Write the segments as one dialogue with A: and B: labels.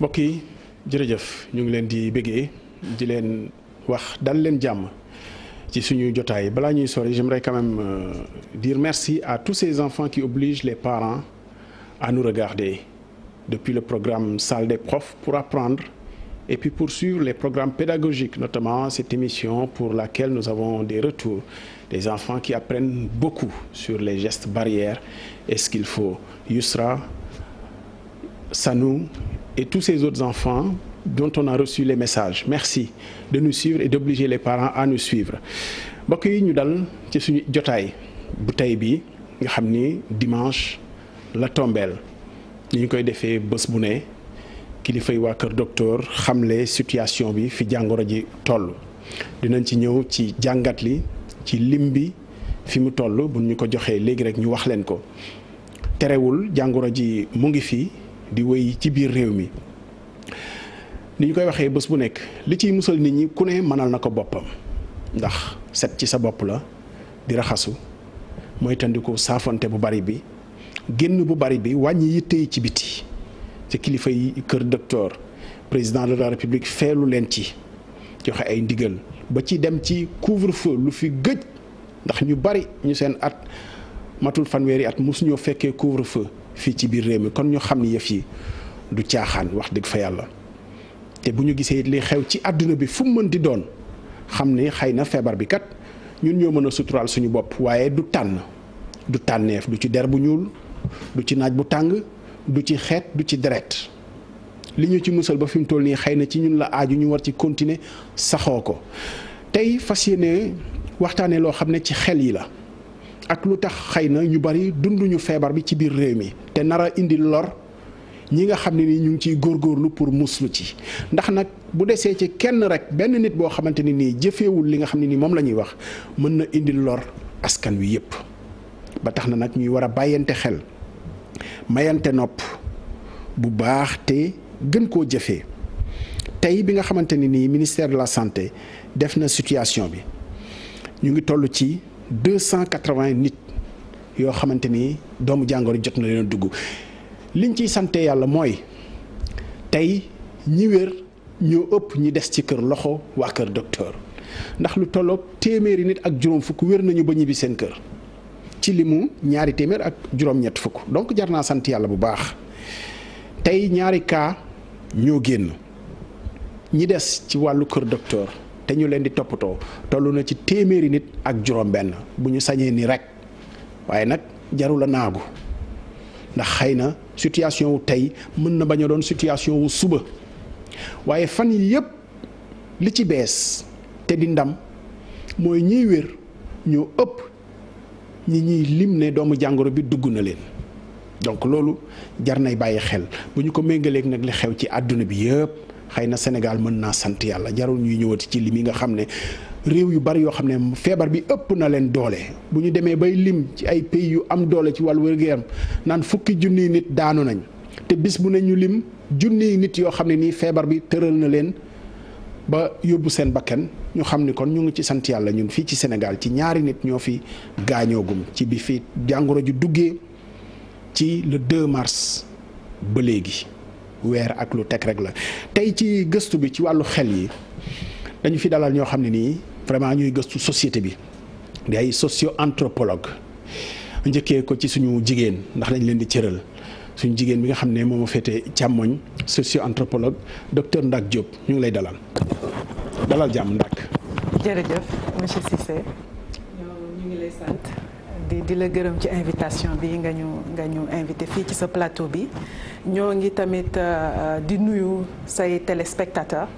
A: mbokk yi jërëjëf ñu ngi leen di bëggee di leen wax dal leen jàmm ci suñu jotaay balaa ñuy sori j'aimerais quand même euh, dire merci à tous ces enfants qui obligent les parents à nous regarder depuis le programme Salle des profs pour apprendre et pour poursuivre les programmes pédagogiques notamment cette émission pour laquelle nous avons des retours des enfants qui apprennent beaucoup sur les gestes barrières et ce qu'il faut Yusra Sanou et tous ces autres enfants dont on a reçu les messages merci de nous suivre et d'obliger les parents à nous suivre mbokk yi ñu dal ci suñu jotaay bu tey bi nga xam ni dimanche la tombeel ni ñu koy defee bés bu ne kilifay waa kër xam xamle situation bi fi jàngoro ji toll dinañ ci ñëw ci jàngat li ci lim bi fi mu toll bu ñu ko joxee léegi rek ñu wax leen ko terewul jàngoro ji mu ngi fii di wéy ci biir réew mi ni ñu koy waxee bés bu nekk li ciy musal nit ñi ku ne mënal na ko boppam ndax set ci sa bopp la di raxasu mooy tandiku saafante bu bari bi génn bu bari bi wàññi yitte yi ci biti ci kilifa yi kër docteur président de la république feelu leen ci joxe ay ndigal ba ci dem ci couvre-feu lu fi gëj ndax ñu bari ñu seen at matul fanweeri at mosuñoo fekkee couvre-feu fii ci biir réew mi kon ñu xam ni yëf yi du caaxaan wax dëgg fa yàlla te bu ñu gisee li xew ci àdduna bi fu mën di doon xam ni xëy na feebar bi kat ñun ñoo mën a suturaal suñu bopp waaye du tànn du tànneef du ci der bu ñuul du ci naaj bu tàng du ci xeet du ci deret li ñu ci musal ba fi mu toll nii xëy na ci ñun la aaju ñu war ci continuer saxoo ko tey fas yéene waxtaanee loo xam ne ci xel yi la ak lu tax xëy na ñu bari dunduñu feebar bi ci biir réew mi. te nara a indi lor ñi nga xam ne nii ñu ngi ciy góor góorlu pour muslu ci ndax nag bu desee ci kenn rek benn nit boo xamante ne nii jëfewul li nga xam ne nii moom la ñuy wax mën na indi lor askan wi yëpp ba tax na nag ñuy war a bàyyante xel mayante nopp bu baax te gën koo jëfee tey bi nga xamante ni nii ministère de la santé def na situation bi ñu ngi toll ci deux cent quatre nit yoo xamante ni doomu jàngoro jot na leen dugg liñ ciy sante yàlla mooy tey ñi wér ñoo ëpp ñi des ci kër loxo wax kër docteur ndax lu tolloog téeméeri nit ak juróom fukk wér nañu ba ñibbi seen kër ci limu ñaari téeméer ak juróom-ñett fukk donc jar naa sant yàlla bu baax tey ñaari kaa ñoo génn ñi des ci wàllu kër docteur te ñu leen di toppatoo tollu na ci téeméeri nit ak juróom-benn bu ñu sañee ni rek. waaye nag jarul a naagu ndax xëy na situation wu tey mën na bañ doon situation wu suba waaye fan yi yëpp li ci bees te di ndam mooy ñiy wér ñoo ëpp ñi ñuy lim ne doomu jàngoro bi dugg na leen donc loolu jar nay bàyyi xel bu ñu ko méngaleek nag li xew ci àdduna bi yëpp xëy na Sénégal mën naa sant yàlla jarul ñuy ñëwati ci li mi nga xam ne réew yu bari yoo xam ne feebar bi ëpp na leen doole bu ñu demee bay lim ci ay pays yu am doole ci wàllu wér gu naan fukki junniy nit daanu nañ te bis bu ne ñu lim junniy nit yoo xam ne nii feebar bi tëral na leen ba yóbbu seen bakken ñu xam ni kon ñu ngi ci sant yàlla ñun fii ci senegal ci ñaari nit ñoo fi gaañoogum ci bi fi jàngoro ju duggee ci le 2 mars ba léegi weer ak lu teg rek la tey ci gëstu bi ci wàllu xel yi dañu fi dalal ñoo xam ne nii. vraiment ñuy gëstu société bi di ay socio anthropologue njëkkee ko ci suñu jigéen ndax dañ leen di cëral suñu jigéen bi nga xam ne moom a féete càmmoñ socio anthropologue docteur Ndak Diop ñu ngi lay dalal dalal jàmm Ndak.
B: jërëjëf monsieur di la gërëm ci invitation bi nga ñu nga ñu invité fii ci sa plateau bi ñoo ngi tamit euh, di nuyu say téléspectateurs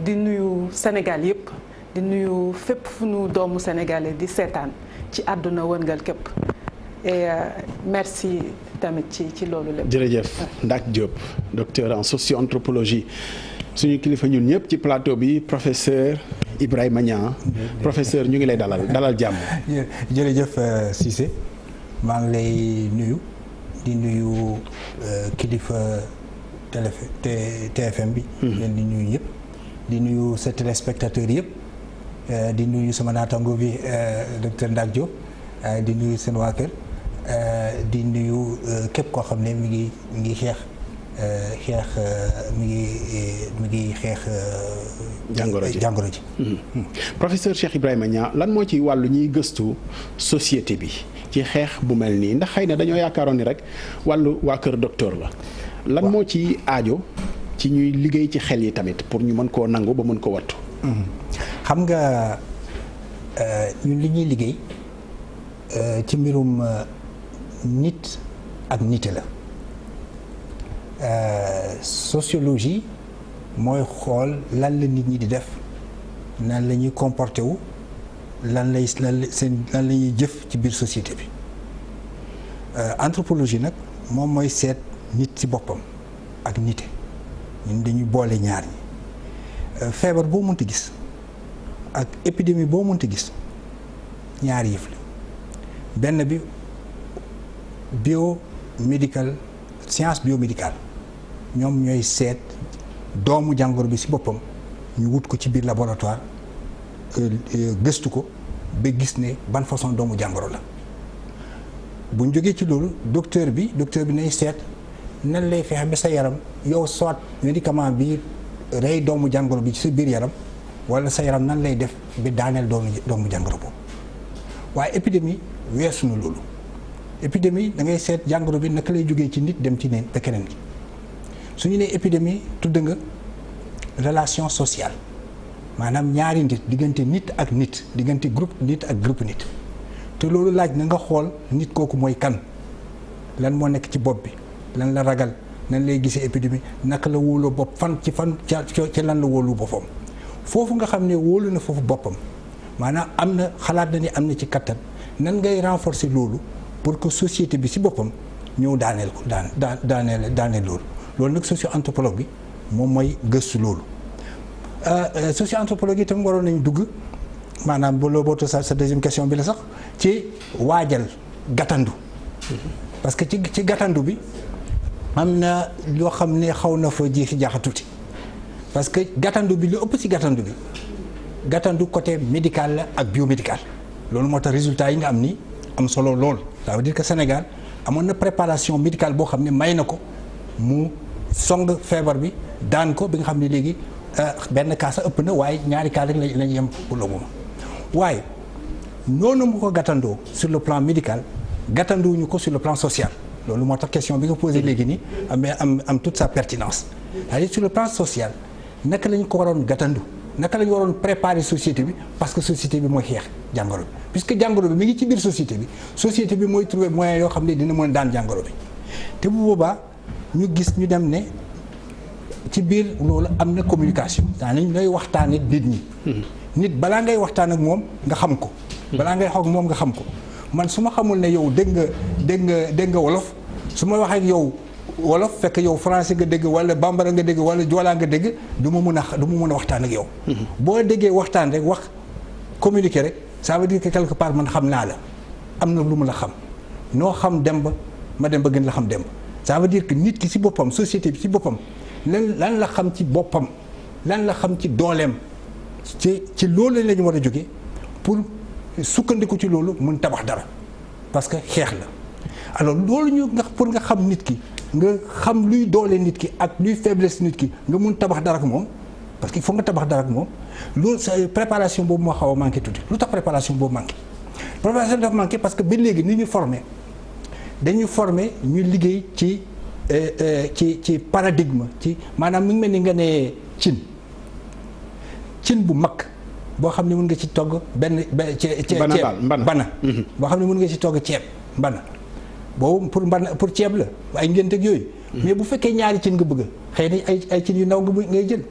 B: di nuyu Sénégal yëpp. di nuyu fépp fu nu doomu sénégalais di seetaan ci àdduna wërngal képp et euh, merci tamit ci ci loolu lépp.
A: jërëjëf Ndak Diop docteur en socio-anthropologie suñu kilifa ñun ñëpp ci plateau bi professeur Ibrahima Niang professeur ñu ngi lay dalal dalal jàmm. jërëjëf euh, Cissé
C: maa ngi lay nuyu di nuyu euh, kilifa te TFM bi. Hmm. leen di nuyu ñëpp di nuyu sa téléspectateurs yëpp. Eh, di nuyu sama naataango bi eh, docteur Ndak Diop eh, di nuyu seen waa kër di nuyu képp koo xam ne mi ngi mi ngi xeex xeex mi ngi mi ngi xeex. jàngoro ji jàngoro ji.
A: Hmm. Hmm. Cheikh Ibrahima Niang lan moo ci wàllu ñuy gëstu société bi ci xeex bu mel nii ndax xëy na dañoo yaakaaroon ni rek wàllu waa kër docteur la. lan moo ci aajo ci ñuy liggéey ci xel yi tamit pour ñu mën koo nangu ba mën ko wattu.
D: Mm-hmm.
A: xam
C: nga euh, ñun li ñuy liggéey euh, ci mbirum euh, nit ak nite la sociologie mooy xool lan la nit ñi di def nan la ñuy comporté wu lan lay jëf ci biir société bi anthropologie nag moom mooy seet nit ci boppam ak nite ñun dañuy boole ñaar ñi Euh, feebar boo munti gis ak épidémie boo munti gis ñaari yëf la benn bi biomédical science biomédicale ñoom ñooy seet doomu jàngoro bi ci boppam ñu wut ko ci biir laboratoire euh, euh, gëstu ko ba gis ne ban façon doomu jàngoro la bu ñu ci loolu docteur bi docteur bi nay seet nan lay fexe sa yaram yow soit médicament bi rey doomu jàngoro bi ci sa biir yaram wala sa yaram nan lay def bi daaneel doomu doomu jàngoro boobu waaye épidémie weesu na loolu épidémie da ngay seet jàngoro bi naka lay jógee ci nit dem ci neen te keneen ki su ñu nee épidémie tudd nga relation sociale maanaam ñaari nit diggante nit ak nit diggante groupe nit ak groupe nit te loolu laaj na nga xool nit kooku mooy kan lan moo nekk ci bopp bi lan la ragal. nan lay gisee épidémie naka la wóoloo bopp fan ci fan ca ca lan la wóolu boppam foofu nga xam ne wóolu na foofu boppam maanaam am na xalaat na ni am na ci kattan nan ngay renforcer loolu pour que société bi si boppam ñëw daaneel ko daan daaneel daaneel loolu loolu nag socio anthropologue bi moom mooy gëstu loolu euh, euh, socio anthropologue yi tam waroon nañ dugg maanaam ba loo boota sa sa deuxième question bi la sax ci waajal gàttandu mm-hmm. parce que ci ci gàttandu bi am na loo xam ne xaw na foo ji si jaxatuti parce que gàttandu bi lu ëpp si gàttandu bi gàttandu côté médical la ak biomédical loolu moo tax résultat yi nga am ni am solo lool. ça di dire que Sénégal amoon na préparation médicale boo xam ne may na ko mu song feebar bi daan ko bi nga xam ne léegi euh, benn cas sa ëpp na waaye ñaari cas rek lañu yem pour le waaye noonu mu ko gàttandoo sur le plan médical gàttanduwuñu ko sur le plan social. loolu moo tax question bi nga posé mhm. léegi nii am am am tout sa pertinence c'est-à-dire sur le plan social naka la ko waroon gàttandu naka la ñu waroon préparer société bi parce que société bi mooy xeex jàngoro bi que jàngoro bi mi ngi ci biir société bi société bi mooy trouver moyen yoo xam ne dina mën a daan jàngoro bi te bu boobaa ñu gis ñu dem ne ci biir loolu am na communication daanañ lay waxtaan nit nit ñi mhm. nit balaa ngay waxtaan ak moom nga xam ko mhm. balaa ngay xaw moom nga xam ko man su ma xamul ne yow dégg nga dégg nga dégg nga wolof su ma wax ak yow wolof fekk yow français nga dégg wala bambara nga dégg wala joolaa nga dégg du ma mun a du ma mun a waxtaan ak yow. Mm-hmm. boo déggee waxtaan rek wax communiquer rek ça veut dire que quelque part man xam naa la am na lu mu la xam noo xam demb ma dem ba gën la xam dem ça veut dire que nit ki si boppam société bi si boppam lan lan la xam ci boppam lan la xam ci dooleem ci ci loolu lañ war a jóge pour. sukkandiku ci loolu mun tabax dara parce que xeex la alors loolu ñu nga pour nga xam nit ki nga xam luy doole nit ki ak luy faiblesse nit ki nga mun tabax dara ak moom parce que il nga tabax dara ak moom loolu sax préparation boobu moo xaw a manqué tuuti lu tax préparation boobu manqué préparation dafa manqué parce que ba léegi ni ñu formé dañuy formé ñu liggéey ci euh, euh, ci ci paradigme ci maanaam mi ngi mel ni nga ne cin cin bu mag. boo xam ne mën nga ci togg benn ceeb mbana mhm. boo xam ne mën nga ci togg ceeb bana boobu pour mbana pour ceeb la ay ngénte ak yooyu mhm. mais bu fekkee ñaari cin nga bëgg xëy na ay ay cin yu ndaw nga ngay jël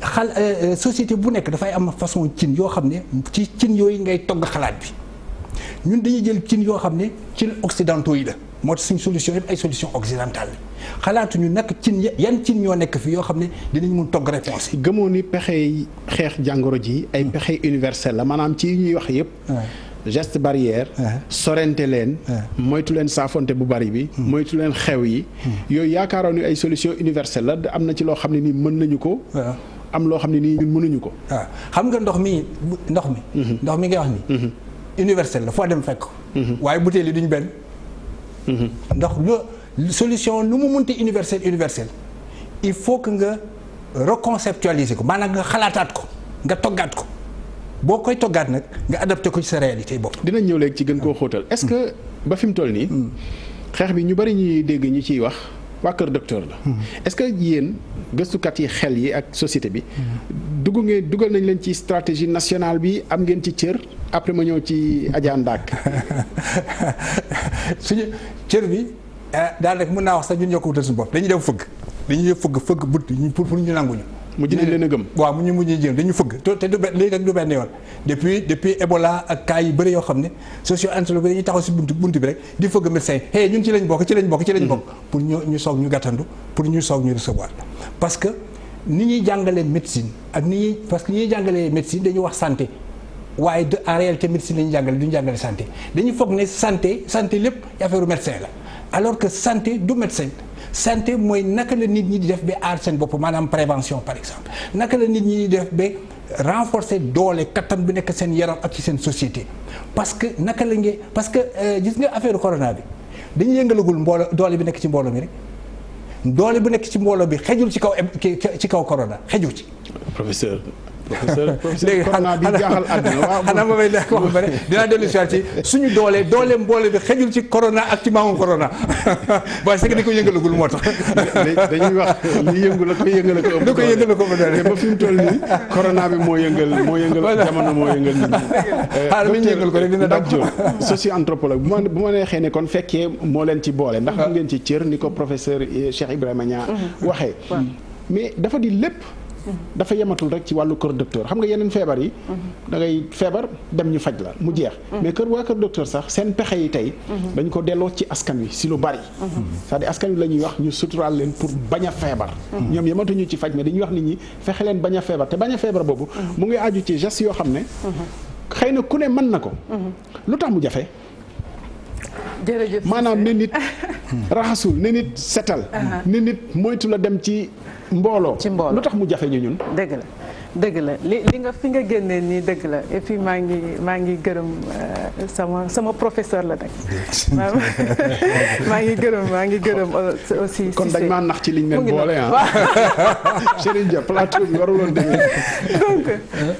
C: xal euh, euh, société bu nekk dafay am façon cin yoo xam ne ci cin yooyu ngay togg xalaat bi ñun dañuy jël cin yoo xam ne cin occidentaux yi la moo tax suñu solution yëpp ay solution occidentale la xalaatuñu nag cin yan cin ñoo nekk
A: fi yoo xam ne dinañ mun togg réponse yi. gëmoo ni pexey xeex jàngoro ji ay hmm. pexe universel la maanaam ci ñuy wax yëpp. geste barrière sorente leen moytu leen saafonte bu bari bi hmm. moytu leen xew yi hmm. yooyu yaakaaroon ni ay solution universelle la am na ci loo xam ne nii mën nañu ko am loo xam ne nii ñun mënuñu ko waaw xam nga ndox mi
C: ndox mi ndox mi ngay wax ni universelle la foo dem fekk waaye butéel yi duñ benn ndox solution lu mu munti universel universel il faut que nga reconceptualiser ko maanaam nga xalaataat ko nga toggaat ko boo
A: koy toggaat nag nga adapté ko ci sa réalité bopp. dinañ ñëw léegi ci gën koo ah. xóotal. est-ce que ba fi toll nii. Hmm. xeex bi ñu bari ñuy dégg ñu ciy wax waa Kër Docteur la. Hmm. est-ce que yéen gëstukat yi xel yi ak société bi. Hmm. duggu ngeen dugal nañ leen ci stratégie nationale bi am ngeen ci cër après ma ñëw ci Adja Ndak.
C: suñu cër Eh, daal rek mën naa wax sax ñun ñoo ko wutal bopp dañuy dem fëgg dañuy dem fëgg fëgg but pour pour ñu a gëm waaw mu ñu mu ñu jëm dañu fëgg te du léegi nag du benn ne socio anthropologue taxaw si buntu buntu bi rek di fëgg médecin hey ñun ci lañ bokk ci lañ bokk ci lañ bokk mm-hmm. pour ñu ñu soog ñu gàttandu pour ñu soog ñu recevoir parce que ni ñuy jàngalee médecine ak ni ñuy parce que ni ñuy jàngalee médecine dañuy wax santé waaye de en réalité médecine la ñuy jàngale ñu jàngale santé dañu foog ne santé santé lépp affaire u médecin la alors que santé du médecin santé mooy naka la nit ñi di def bi aar seen bopp maanaam prévention par exemple naka la nit ñi di def ba renforcer doole kattan bi nekk seen yaram ak ci seen société parce que naka la ngeen parce que euh, gis nga affaire corona bi dañu yëngalagul mbooloo doole bi nekk ci mbooloo mi rek doole bu nekk ci mbooloo bi xejul ci kaw ci kaw corona xejul ci. professeur. léegi xanaa bi jaaxal àdduna waaw xanaa ma may nekk wax ba ne dinaa dellu si ci suñu doole doole corona
A: moo tax. dañuy wax li yëngu la ko yëngal ko. da ko yëngal ko ba doole ba bi moo yëngal moo yëngal jamono moo yëngal nit ñi. xaaral mi euh, yëngal ko rek dina dàq. socio anthropologue bu ma neexee ne kon fekkee moo leen ci boole ndax mu ah. ngeen ci cër ni ko professeur eh, Cheikh Ibrahima Niang mm-hmm. waxee mais dafa di lépp dafa yematul rek ci wàllu kër docteur xam nga yeneen feebar yi mhm. da ngay feebar dem ñu faj la mu jeex mhm. mais kër waa kër docteur sax seen pexe yi tey mhm. dañ ko delloo ci askan wi si lu bari c'est-à-dire askan wi la ñuy wax ñu suturaal leen pour bañ a feebar ñoom yematuñu ci faj mais dañuy wax nit ñi fexe leen bañ a feebar te bañ a feebar boobu mu ngi aju ci gestes yoo xam ne xëy na ku ne mën na ko lu tax mu jafe jërëjëf maanaam ne nit raxasul ne nit setal ne nit moytu la dem ci mbooloo ci mbooloo lu tax mu jafe ñu ñun
B: dëgg la dëgg la li li nga fi nga génnee nii dëgg la et puis maa ngi gërëm euh, sama sama professeur la nag
A: maa ngi gërëm maa ngi gërëm aussi. kon dañ maa nax ci liñ leen boole ah.
B: Serigne Dia plateau bi waruloon demee. donc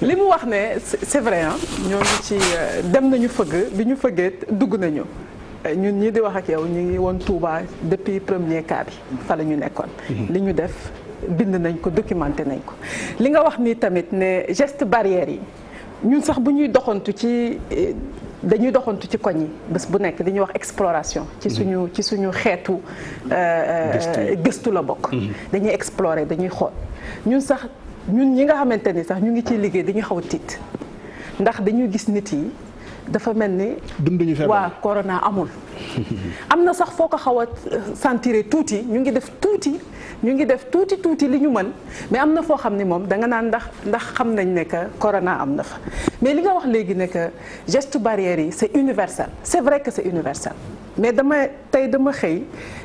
B: li mu wax ne c'est vrai ah. ñoo ñooñu ci euh, dem nañu fëgg bi ñu fëggee dugg nañu. ñun ñi di wax ak yow ñu ngi woon Touba depuis premier cas bi fa ñu nekkoon mhm. li ñu def bind nañ ko documenté nañ ko li nga wax nii tamit ne geste barrière yi ñun sax bu ñuy doxantu ci eh, dañuy doxantu ci koñ yi bés bu nekk dañuy wax exploration mhm. ci suñu ci suñu xeetu mhm. euh, euh, gëstu la bokk dañuy explorer dañuy xool ñun sax ñun ñi nga xamante ni sax ñu ngi ciy liggéey dañuy xaw tiit ndax dañuy gis nit yi dafa mel ni. dunduñu feebar waa corona amul. am na sax foo ko xaw a euh, sentir tuuti ñu ngi def tuuti ñu ngi def tuuti tuuti li ñu mën mais am na foo xam ne moom danga naan ndax ndax xam nañ ne que corona am na fa. mais li nga wax léegi ne gest geste barrière yi c'est universel c'est vrai que c'est universel mais dama tey dama xëy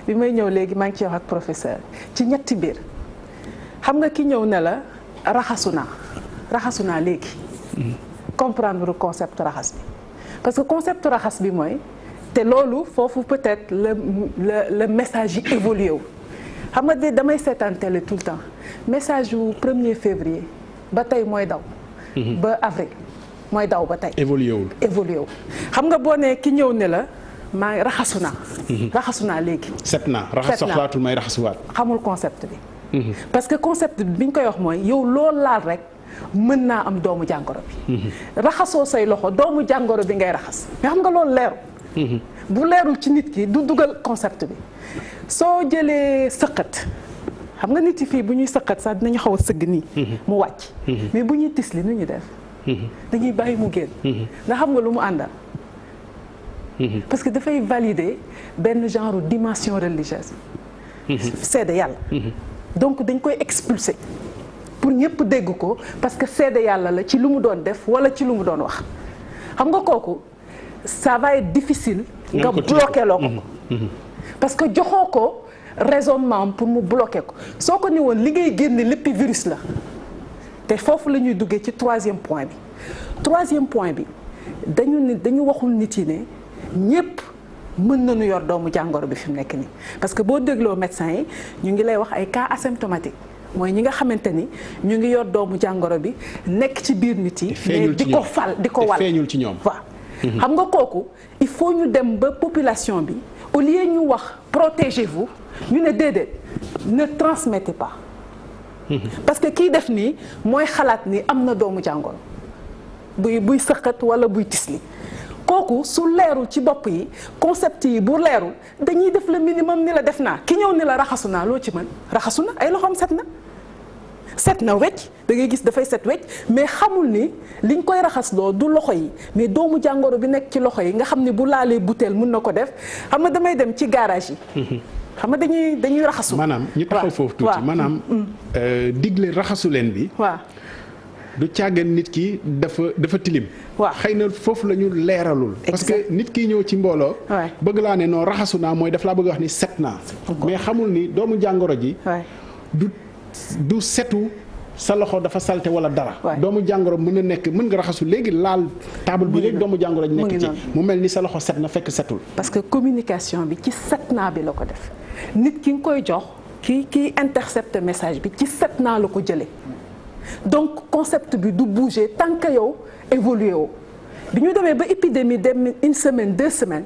B: bi may ñëw léegi maa ngi ci wax ak professeur ci ñetti biir xam nga ki ñëw ne la raxasu naa raxasu naa léegi. Mm-hmm. comprendre le concept raxas bi. parce que concept raxas bi mooy te loolu foofu peut-être le le le message yi évolué wu. xam nga damay seetaan télé tout le temps message wu 1er février ba tey mooy daw. Mhm. ba avril mooy daw ba tey. évolué wul évolué wul xam nga boo ne ki ñëw ne la. maa ngi raxasu naa. Mhm. raxasu naa léegi. set naa raxas soxlaatul may raxasuwaat. xamul concept bi. Mhm. parce que concept bi bi ñu koy wax mooy yow loolu laal rek mën naa am doomu jàngoro bi. raxasoo say loxo doomu jàngoro bi ngay raxas nga xam nga loolu leeru mm-hmm. bu leerul ci nit ki du dugal concept bi soo jëlee sëqat. xam nga nit yi fii bu ñuy sëqat sax dinañu xaw a sëgg nii. Mm-hmm. mu wàcc. Mm-hmm. mais bu ñuy tisli nu ñu def. dañuy bàyyi mu génn. nga xam nga lu mu àndal. parce que dafay valider benn genre dimension religieuse. seede yàlla. donc dañ koy expulser. pour ñëpp dégg ko parce que seede yàlla la ci lu mu doon def wala ci lu mu doon wax xam nga kooku ça va être difficile nga bloqué loo ko mm-hmm. Mm-hmm. parce que joxoo ko raisonnement pour mu bloqué ko soo ko ni woon li ngay génne léppi virus la te foofu la ñuy duggee ci troisième point bi troisième point bi dañu ni dañu waxul nit yi ne ñëpp mën nañu yor doomu jàngoro bi fi mu nekk nii parce que boo dégloo médecin yi ñu ngi lay wax ay cas asymptomatique mooy ñi nga xamante ni ñu ngi yor doomu jàngoro bi nekk ci biir nit yi. mais di ko fal di ko wal feeñul ci ñoom waaw mhm. xam nga kooku il faut ñu dem ba population bi au lieu ñu wax protéger vous ñu ne déedéet ne transmettez pas. Mhm. parce que kii def nii mooy xalaat ni am na doomu jàngoro buy buy sëqat wala buy tisli kooku su leerul ci bopp yi concept yi bu leerul dañuy def le minimum ni la def naa ki ñëw ni la raxasu naa loo ci man raxasu na ay loxoom set na set na wecc da ngay gis dafay set wecc mais xamul ni liñ koy raxasloo du loxo yi mais doomu jàngoro bi nekk ci loxo yi nga xam ne bu laalee butéel mun na ko def xam nga damay dem ci garage yi xam nga dañuy dañuy raxasu maanaam ñu taxaw foofu tuuti maanaam mm-hmm.
A: euh, digle raxasu leen bi lu càggan nit ki dafa dafa tilim. waaw xëy na foofu la ñu leeralul. parce que nit ki ñëw ci mbooloo. bëgg laa ne non raxasu naa mooy daf laa bëgg wax ni set naa. mais xamul ni doomu jàngoro ji. du du setu. sa loxo dafa salte wala dara doomu jàngoro mun a nekk mën nga raxasu léegi laal
B: table bi léegi doomu jàngoro ji nekk ci mu mel ni sa loxo set na fekk setul parce que communication bi ci set naa bi la ko def nit ki nga koy jox ki kiy intercepte message bi ci set naa la ko jëlee donc concept bi du bouger tant que yow évolué woo bi ñu demee ba épidémie dem une semaine deux semaine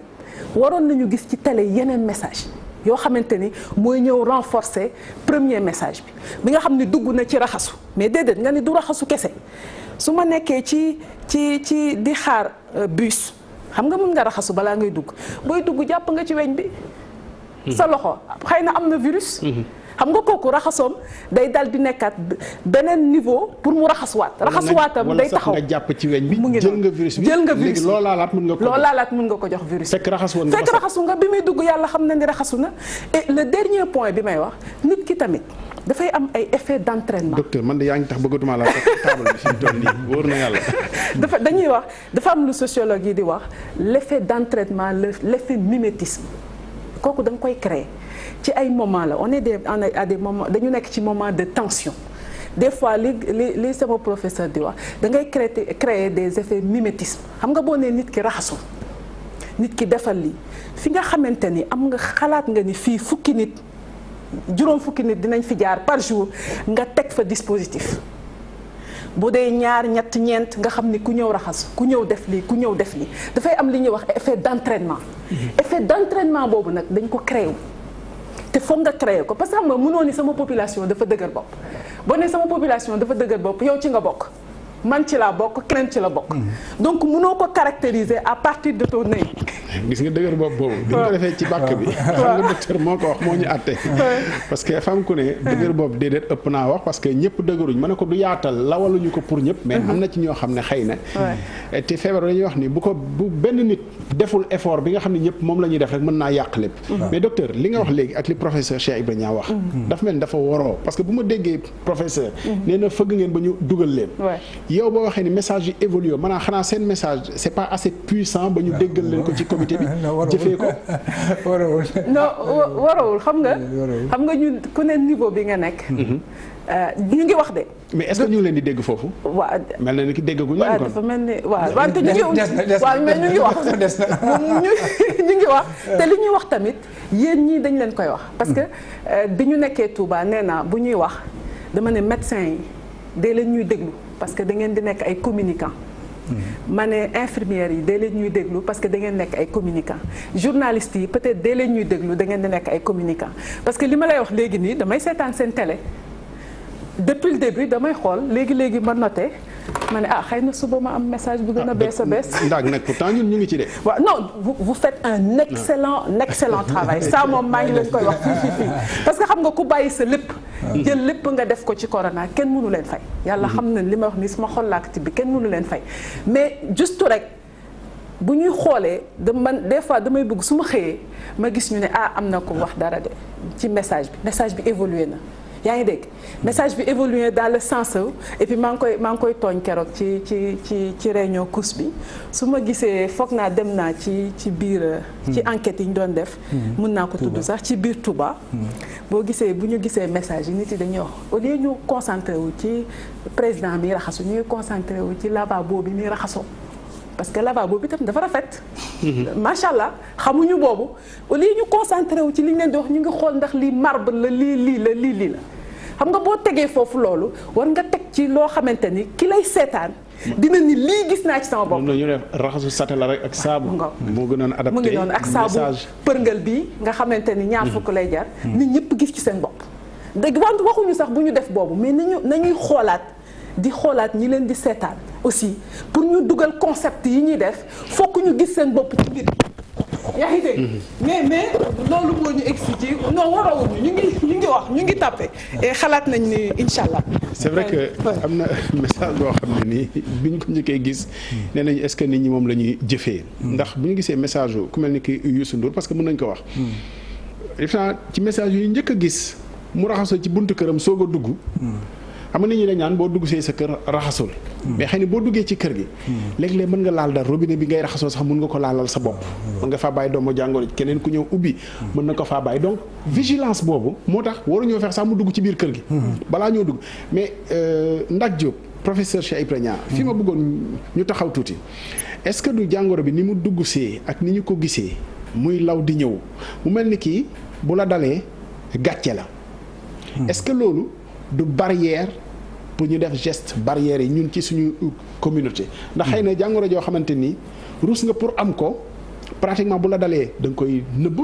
B: waroon nañu gis ci tele yeneen message yoo xamante ni mooy ñëw renforcer premier message bi bi nga xam ni dugg na ci raxasu mais déedéet nga ni du raxasu kese su ma nekkee ci ci ci di xaar euh, bus xam nga mën nga raxasu balaa ngay dugg booy dugg jàpp nga ci weñ bi hmm. sa loxo xëy na am na virus hmm. xam nga kooku raxasoom day dal di nekkaat beneen niveau pour mu raxasuwaat raxasuwaatam day taxaw nga
A: jàpp ci weñ bi mu ngi jël
B: nga virus jël nga virus bi loo laalaat mën nga ko loo laalaat mën ko jox
A: virus fekk raxasu
B: nga fekk raxasu nga bi muy dugg yàlla xam na ni raxasu na et le dernier point bi may wax nit ki tamit dafay am ay effet d'entraînement. docteur man de yaa ngi tax bëggatuma laa
A: table bi si toll nii wóor na yàlla.
B: dafa dañuy wax dafa am lu sociologue yi di wax l'effet d'entraînement l'effet mimétisme kooku da nga koy créer ci ay moment la on est des on est à dañu nekk ci moment de tension des fois li li sama professeur di wax dangay ngay créer des effets mimétisme xam nga boo nee nit ki raxasu nit ki defal lii fi nga xamante ni am nga xalaat nga ni fii fukki nit juróom fukki nit dinañ fi jaar par jour nga teg fa dispositif bu dee ñaar ñett ñeent nga xam ni ku ñëw raxas ku ñëw def lii ku ñëw def lii dafay am li ñuy wax effet d'entraînement mm-hmm. effet d'entraînement boobu nag dañ ko créé te foog nga créer ko parce que xam nga ni sama population dafa dëgër bopp boo ne sama population dafa dëgër bopp yow ci nga bokk man ci laa bokk keneen ci la bokk. Hmm. donc mënoo ko caractériser à parti de ton œil.
A: gis nga dëgër bopp boobu. bi nga defee ci bàkk bi. moo ko wax moo ñu àtte. parce que xam ku ne. ëpp naa wax parce que ñëpp dëgëruñ ma ne ko du yaatal lawaluñu ko pour ñëpp. mais hmm. am na ci ñoo xam ne xëy na. te feebar dañuy wax ni bu ko bu benn nit deful effort bi nga xam ne ñëpp moom la ñuy def rek mën naa yàq lépp. Hmm. mais docteur li nga wax léegi ak li professeur Cheikh Ibrahima wax. dafa mel ni dafa woroo parce que bu ma déggee professeur. nee na fëgg ngeen ba ñu dugal leen yow boo waxee ni message yi évolué maanaam xanaa seen message c' est pas assez puissant ba ñu ah, déggal leen ko ci comité bi. jëfee ko
B: warawul non warawul xam nga. xam nga ñun ku ne niveau bi nga nekk. Mhm. Euh, ñu ngi wax de. mais est-ce que leen di dégg foofu. mel na ni ki déggaguñu leen mel ni waaw wante ñu ngi. waaw mais ñu ngi wax ñu ngi wax te li ñuy wax tamit yéen ñii dañ leen koy wax. parce que hmm. euh, bi ñu nekkee Touba nee naa bu ñuy wax dama ne médecin yi dee leen ñuy déglu. parce que da ngeen di nekk ay communican ma ne infirmières yi dee leen ñuy déglu parce que da ngeen nekk ay communicants journalistes yi peut-être dee leen ñuy déglu da ngeen di nekk ay communicants parce que li ma lay wax léegi nii damay seetaan seen télé. depuis le début damay xool léegi léegi ma noté ma ne ah xëy na suba ma am message bu gën a ah, bees a bees. ndaag nag pourtant ñun ñu ngi ci de. waaw non vous vous faites un excellent un excellent ah. moom maa ngi leen koy wax fii fii fii parce que xam nga ku bàyyi sa lépp. jël lépp nga def ko ci corona kenn mënu leen fay. yàlla xam na li ma wax su ma xol laa bi kenn mënu leen fay mais juste rek. bu ñuy xoolee da des fois damay bëgg su ma xëyee ma gis ñu ne ah am na ko wax dara de ci message message bi évolué na yaa ngi dégg message bi évolué dans le sens et puis maa ngi koy maa koy tooñ keroog ci ci ci ci réunion COUS bi su ma gisee foog naa dem naa ci ci biir hmm. ci enquête yi ñu doon def hmm. mun naa ko tudd sax ci biir tuba hmm. boo gisee bu ñu gisee message yi nit yi dañuy wax au lieu ñu concentré wu ci président mi raxasu ñuy concentré wu ci lavabo bi mi raxasoo parce que lavabo bi tam dafa rafet. Mhm. macha allah xamuñu boobu au lieu ñu concentré wu ci liñ leen di wax ñu ngi xool ndax lii marbre la lii lii la lii lii la. xam nga boo tegee foofu loolu war nga teg ci loo xamante ni ki lay seetaan. dina ni lii gis naa ci sama
A: bopp. moom la ñu def raxasu sate la rek ak ah, moo gënoon adapté mu ngi noonu ak saabu
B: përngal bi nga xamante ni ñaar mhm. fukk lay jar. Mhm. nit ñëpp gis ci seen bopp. dégg wante waxuñu sax bu ñu def boobu mais nañu nañuy xoolaat. di xoolaat ñi leen di seetaan aussi pour ñu dugal concept yi ñuy def fokk ñu gis seen bopp ci mbir yaa mm-hmm. mais mais loolu moo ñu expliqué non warawuñu ñu ngi ñu ngi wax ñu ngi tàppe xalaat nañ ni incha allah. c'est vrai que
A: am na message boo xam ne nii bi ñu ko njëkkee gis nee nañu est-ce que nit ñi moom la ñuy jëfee. Mm. ndax bu ñu gisee message yu ku mel ni ki Youssou Ndour parce que mën nañ ko wax. Mm. def ci message yu njëkk a gis mu raxasoo ci buntu këram soog a dugg. Mm. xam nga nit ñi dañ boo dugg see sa kër raxasul mais xëy na boo duggee ci kër gi léeg-léeg mën nga laal dara robinet bi ngay raxasoo sax mën nga ko laalal sa bopp mën nga faa bàyyi doomu jàngoro keneen ku ñëw ubbi mën na ko faa bàyyi donc vigilance boobu moo tax waruñoo fex sax mu dugg ci biir kër gi balaa ñoo dugg mais euh, Ndak Diop professeur Cheikh Ibrahima fi ma bëggoon ñu taxaw tuuti est-ce que du jàngoro bi ni mu dugg see ak ni ñu ko gisee muy law di ñëw mu mel ni kii bu la dalee gàcce la est-ce que loolu du barrière pour ñu def geste barrière yi ñun ci suñu communauté. ndax xëy na jàngoro joo xamante ni rus nga pour am ko pratiquement bu la dalee da nga koy nëbb.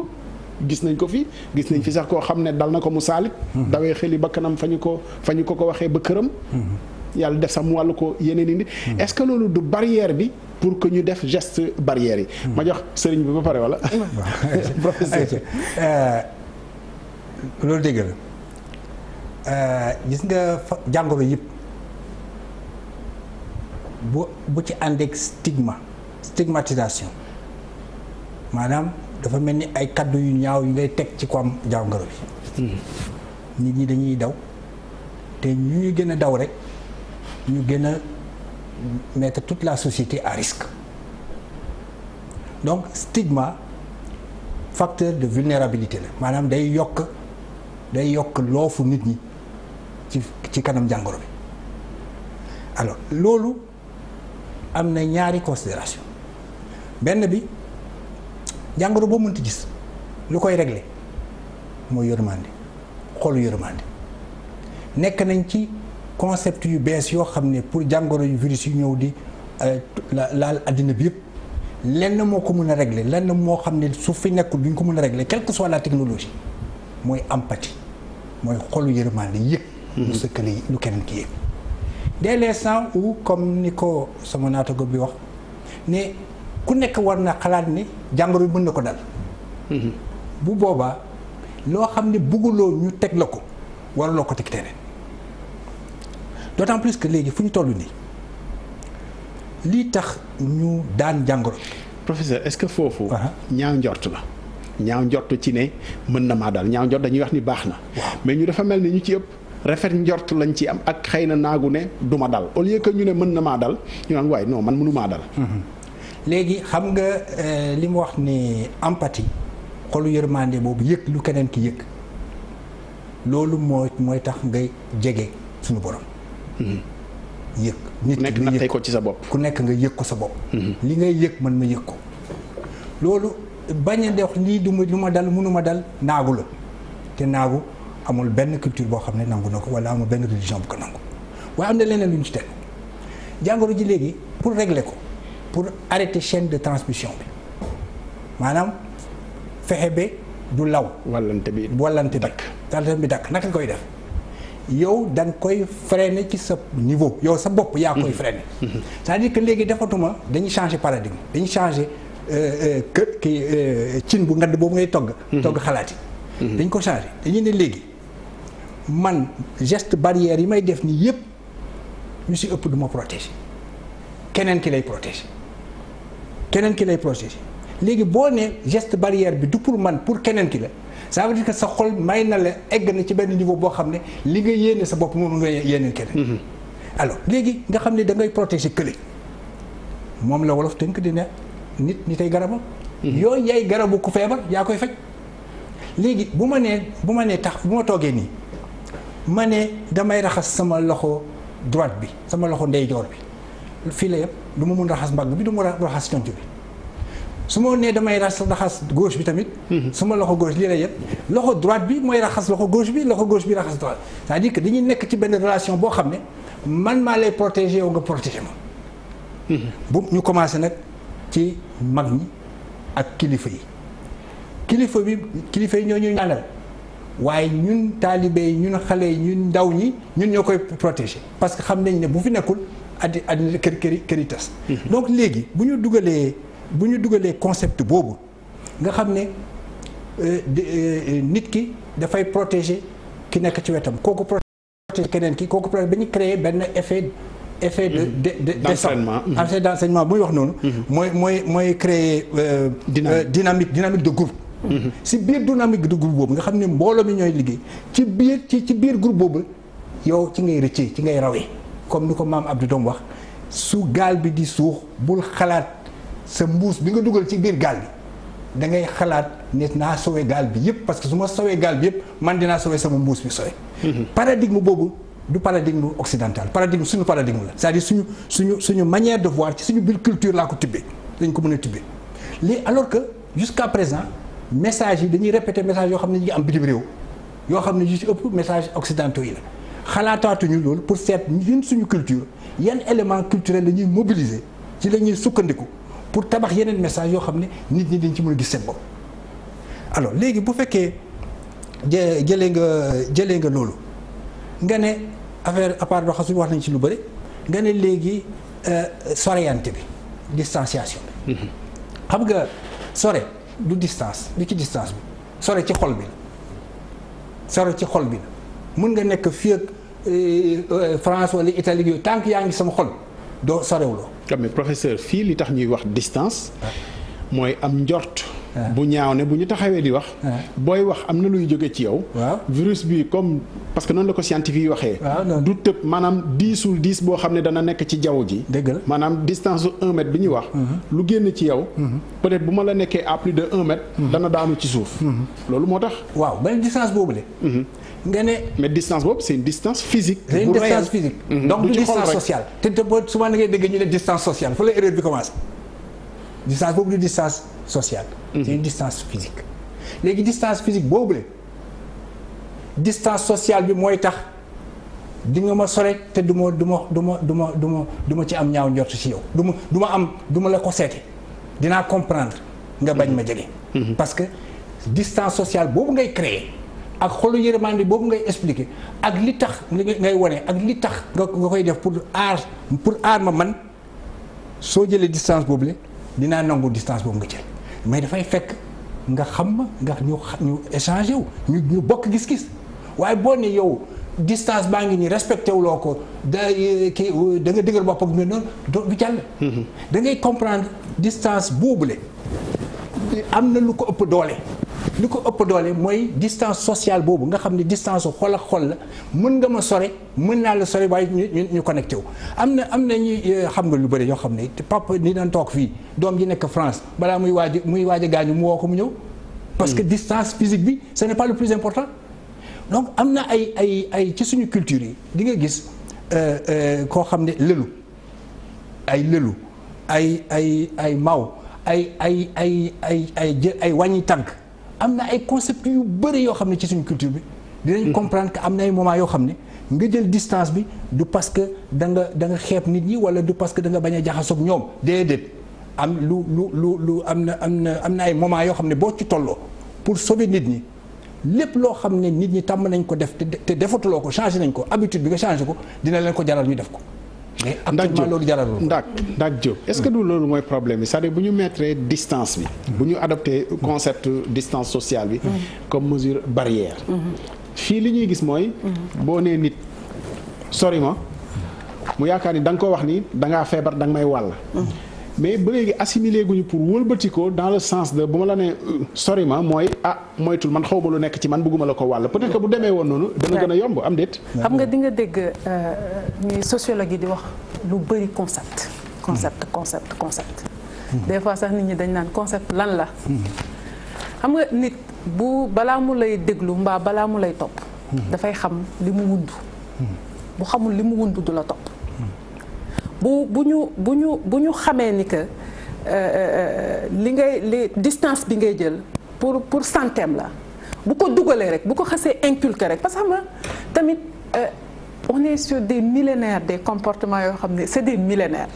A: gis nañ ko fi gis nañ fi sax koo xam ne dal na ko mu saalit dawee xeli ba kanam fa ñu ko fa ñu ko ko waxee ba këram yàlla def sax mu wàll ko yeneen indi nit ce que loolu du barrière bi pour que ñu def gest barrière yi ma jox sëriñ bi ba pare wala professeur euh, loolu dëgg la Euh, gis
C: nga jàngoro yëpp bu bu ci ànd ak stigma stigmatisation maanaam dafa mel ni ay kaddu yu ñaaw yu ngay teg ci ko am jàngoro bi hmm. nit ñi dañuy daw te ñu gën a daw rek ñu gën a mettre toute la société à risque donc stigma facteur de vulnérabilité la maanaam day yokk day yokk loofu nit ñi ci ci kanam jàngoro bi alors loolu am na ñaari considération benn bi jàngoro boo mënti gis lu koy régler mooy yërmande xolu yërmande nekk nañ ci concept yu bees yoo xam ne pour jàngoro yu virus yu ñëw di euh, laal àddina bi yëpp lenn moo ko mën a régler lenn moo xam ne su fi nekkul duñ ko mën a régler quelle que soit la technologie mooy empathie mooy xolu yërmande yëg Mm-hmm. lu sa kële lu keneen ki yëg dès l'instant où comme ni ko sama naata naatago bi wax ne ku nekk war na xalaat ne jàngoro bi mën na ko dal mm-hmm. bu boobaa loo xam ne bugguloo ñu teg la ko loo ko teg teneen
A: d'autant plus que léegi fu ñu toll nii lii tax ñu daan jàngoro professeur est-ce que foofu ñaaw njort la ñaaw njort ci ne mën na maa daal ñaaw njort dañuy wax ni baax na mais ñu dafa mel ni ñu ci ëpp rafet njort lañ ci am ak xëy na naagu ne du ma dal au lieu ñu ne mën na maa dal ñu naan waaye noo man mënu maa dal.
C: Mhm. léegi xam nga euh, li mu wax ni empathie xolu yërmande boobu yëg lu keneen ki yëg loolu moo mooy tax ngay jege suñu borom. Mhm. yëg nit ku nekk nattee ko ci sa bopp. ku nekk nga yëg ko sa bopp. Mhm. li ngay yëg man ma yëg ko loolu bañ a def lii du ma ma dal mënu ma dal naagu la te naagu amul benn culture boo xam ne nangu na ko wala amul benn religion bu ko nangu waaye am na leneen lu ñu ci teg jàngoro ji léegi pour régler ko pour arrêter chaine de transmission bi maanaam fexe ba du law. wallante bi wallante bi wallante bi dakk naka koy def yow da nga koy freiner ci sa niveau yow sa bopp yaa koy mhm. freiner. Mhm. c'est-à-dire que léegi defatuma dañuy changer paradigme dañuy changer euh, euh, kë ki euh, cin bu ngadd boobu ngay togg. Mhm. togg xalaat yi. dañ ko changer dañuy ne léegi. man gest barrière yi may def nii yépp ñu si ëpp du ma protéger keneen ki lay protéger keneen ki lay protéger léegi boo nee geste barrière bi du pour man pour keneen ki la ça veut dire que sa xol may na la egg na ci benn niveau boo xam ne li nga yéene sa bopp moom nga yéeneen keneen. Mm-hmm. alors léegi nga xam ne da ngay protéger kële moom la wolof tënk dina nit nitay garabam. Mm-hmm. yooyu yaay garabu ku feebar yaa koy faj. léegi bu ma nee bu ma nee tax bu ma toogee nii. ma ne damay raxas sama loxo droite bi sama loxo ndeyjoor bi fii la yëpp du ma mun raxas mbagg bi du ma raxas conc bi su ma nee damay raxas gauche bi tamit. Mhm. suma loxo gauche lii la yëpp loxo droite bi mooy raxas loxo gauche bi loxo gauche bi raxas droite cest dire que dañuy nekk ci benn relation boo xam ne man maa lay protéger yow nga protéger ma. Mhm. bu ñu commencé nag ci mag ñi ak kilifa yi kilifa bi kilifa yi ñoo ñuy ñaanal. waaye ñun taalibe yi ñun xale yi ñun ndaw ñi ñun ñoo koy protéger parce que xam nañ ne bu fi nekkul addi addi kër këri këri tas mhm. donc léegi bu ñu dugalee bu ñu dugalee concept boobu nga xam ne euh, euh, nit ki dafay protéger ki nekk ci wetam kooku protéger keneen ki kooku protéger ba ñu créer benn effet effet de mhm. de d'enseignement mhm. effet d'enseignement bu ñu wax noonu mooy mooy mooy créer euh, dynamique dynamique de groupe si biir dynamique de groupe boobu nga xam ne mbooloo mi ñooy liggéey ci biir ci ci biir groupe boobu yow ci ngay rëccee ci ngay rawee comme ni ko maam Abdou doom wax su gaal bi di suux bul xalaat sa mbuus bi nga dugal ci biir gaal bi da ngay xalaat ne naa sowee gaal bi yëpp parce que su ma sowee gaal bi yëpp man dinaa sowee sama mbuus bi sowee. Mhm. paradigme boobu du paradigme occidental paradigme suñu paradigme la. c'est-à-dire suñu suñu suñu manière de voir ci suñu biir culture laa ko tibbee dañ ko mën a tibbee lii alors que message yi dañuy répéter message yoo xam ne ñu ngi am bitim réew yoo xam ne yu ci ëpp message occidentaux yi la xalaataatuñu loolu pour seet ñun suñu culture yan élément culturel la ñuy mobiliser ci lañuy sukkandiku pour tabax yeneen message yoo xam ne nit ñi dañ ci mën a gis seen bopp léegi bu fekkee jë jëlee nga jëlee nga loolu nga ne affaire à part doxal suñu wax nañ ci lu bëri nga ne léegi euh, soreyante bi distanciation bi mm-hmm. xam nga sore du distance du ci distance bi sore ci xol bi la sore ci xol bi la mën nga nekk fii ak eh,
A: eh, France wala Italie yooyu tànk yaa ngi sama xol doo sorewuloo. mais professeur fii li tax ñuy wax distance. mooy am njort. bu ñaaw ne bu ñu taxawee di wax. booy wax am na luy jóge ci yow. virus bi comme parce que noonu la ko scientifique yi waxee. du tëb maanaam diisul diis boo xam ne dana nekk ci jaww ji. maanaam distance su un mètre bi ñu wax. Mhm. lu génn ci yow. Mhm. peut-être bu ma la nekkee à de un mètre. Mhm. dana daanu ci suuf. loolu moo tax. waaw benn distance boobu la. nga ne mais distance boobu c'est une distance physique. c'est une distance physique. donc du distance sociale. te te boo souvent
C: distance boobu du distance sociale. Mhm. c'est une distance physique. léegi distance physique le distance sociale bi mooy tax di nga ma sore te du ma du ma du ma duma ma du ma duma ci am ñaaw njort ci yow du ma du ma am du la ko seete dinaa comprendre nga bañ ma mhm. jege. Mhm. parce que distance sociale boobu ngay créer ak xolu yërmande boobu ngay expliquer ak li tax nga ngay wone ak li tax nga koy def pour aar pour aar ma man soo jëlee distance le dinaa nangu distance boobu nga jël mais dafay fekk nga xam ma nga ñu ñu échangé wu ñu ñu bokk gis-gis waaye boo ne yow distance baa ngi nii respecté wuloo ko da kii da nga dëgër bopp ak mel noonu du jàll. Mm-hmm. da ngay comprendre distance boobu le am na lu ko ëpp doole. li ko ëpp doole mooy distance sociale boobu nga xam ne distance su xol ak xol la mën nga ma sore mën naa la sore waaye ñu ñu connecté wu. am na am na ñuy euh, xam nga lu bari ñoo xam ne papa ni daan toog fii doom yi nekk France balaa muy waaj muy waaj a gaañu mu woo ko mu ñëw. parce que hmm. distance physique bi ce n'est pas le plus important. donc am na ay ay ay ci suñu culture yi nga gis euh, euh, koo xam ne lëlu ay lëlu ay ay ay maw ay ay ay ay ay ay wàññi am na ay concept yu bëri yoo xam ne ci suñu culture bi. dinañ mhm. comprendre que am na ay moment yoo xam ne nga jël distance bi du parce que da da nga xeeb nit ñi wala du parce que da nga bañ a jaxasoog ñoom déedéet am lu lu lu lu am na am na am na ay moment yoo xam ne boo ci tolloo pour sauver nit ñi lépp loo xam ne nit ñi tàmm nañ ko def te te defatuloo ko changé nañ ko habitude bi nga changé
A: ko dina leen ko jaral ñu def ko. mais actuellement loolu jaralul ndax ndax Diop est ce que du loolu mooy problème bi cest à bu ñu mettre distance bi. bu ñu adopté concept distance sociale bi. comme mesure barrière. fii li ñuy gis mooy. boo nee nit sori ma mu yaakaar ni danga ko wax ni da ngaa feebar da may wàll. mais ba léegi assimilé guñu pour wëlbati ko dans le sens de bu ma la nee euh, sori ma mooy a ah, moytul man xaw ma lu nekk ci man bëgguma la ko wàll peut-être que bu demee woon noonu dana gën a yomb am déet xam
B: nga di nga dégg ñuy euh, sociologue yi di wax lu bëri concept concept concept concept des fois sax nit ñi dañ naan concept lan la xam nga nit bu balaa mu lay déglu mbaa balaa mu lay topp dafay xam li mu wund bu xamul li mu wund du la topp bu bu ñu bu ñu bu ñu xamee ni que euh, euh, li ngay li distance bi ngay jël pour pour santeem la bu ko dugalee rek bu ko xasee inculqué rek parce que xam nga tamit euh, on est sur des millénaires des comportement yoo xam ne c'est des millénaires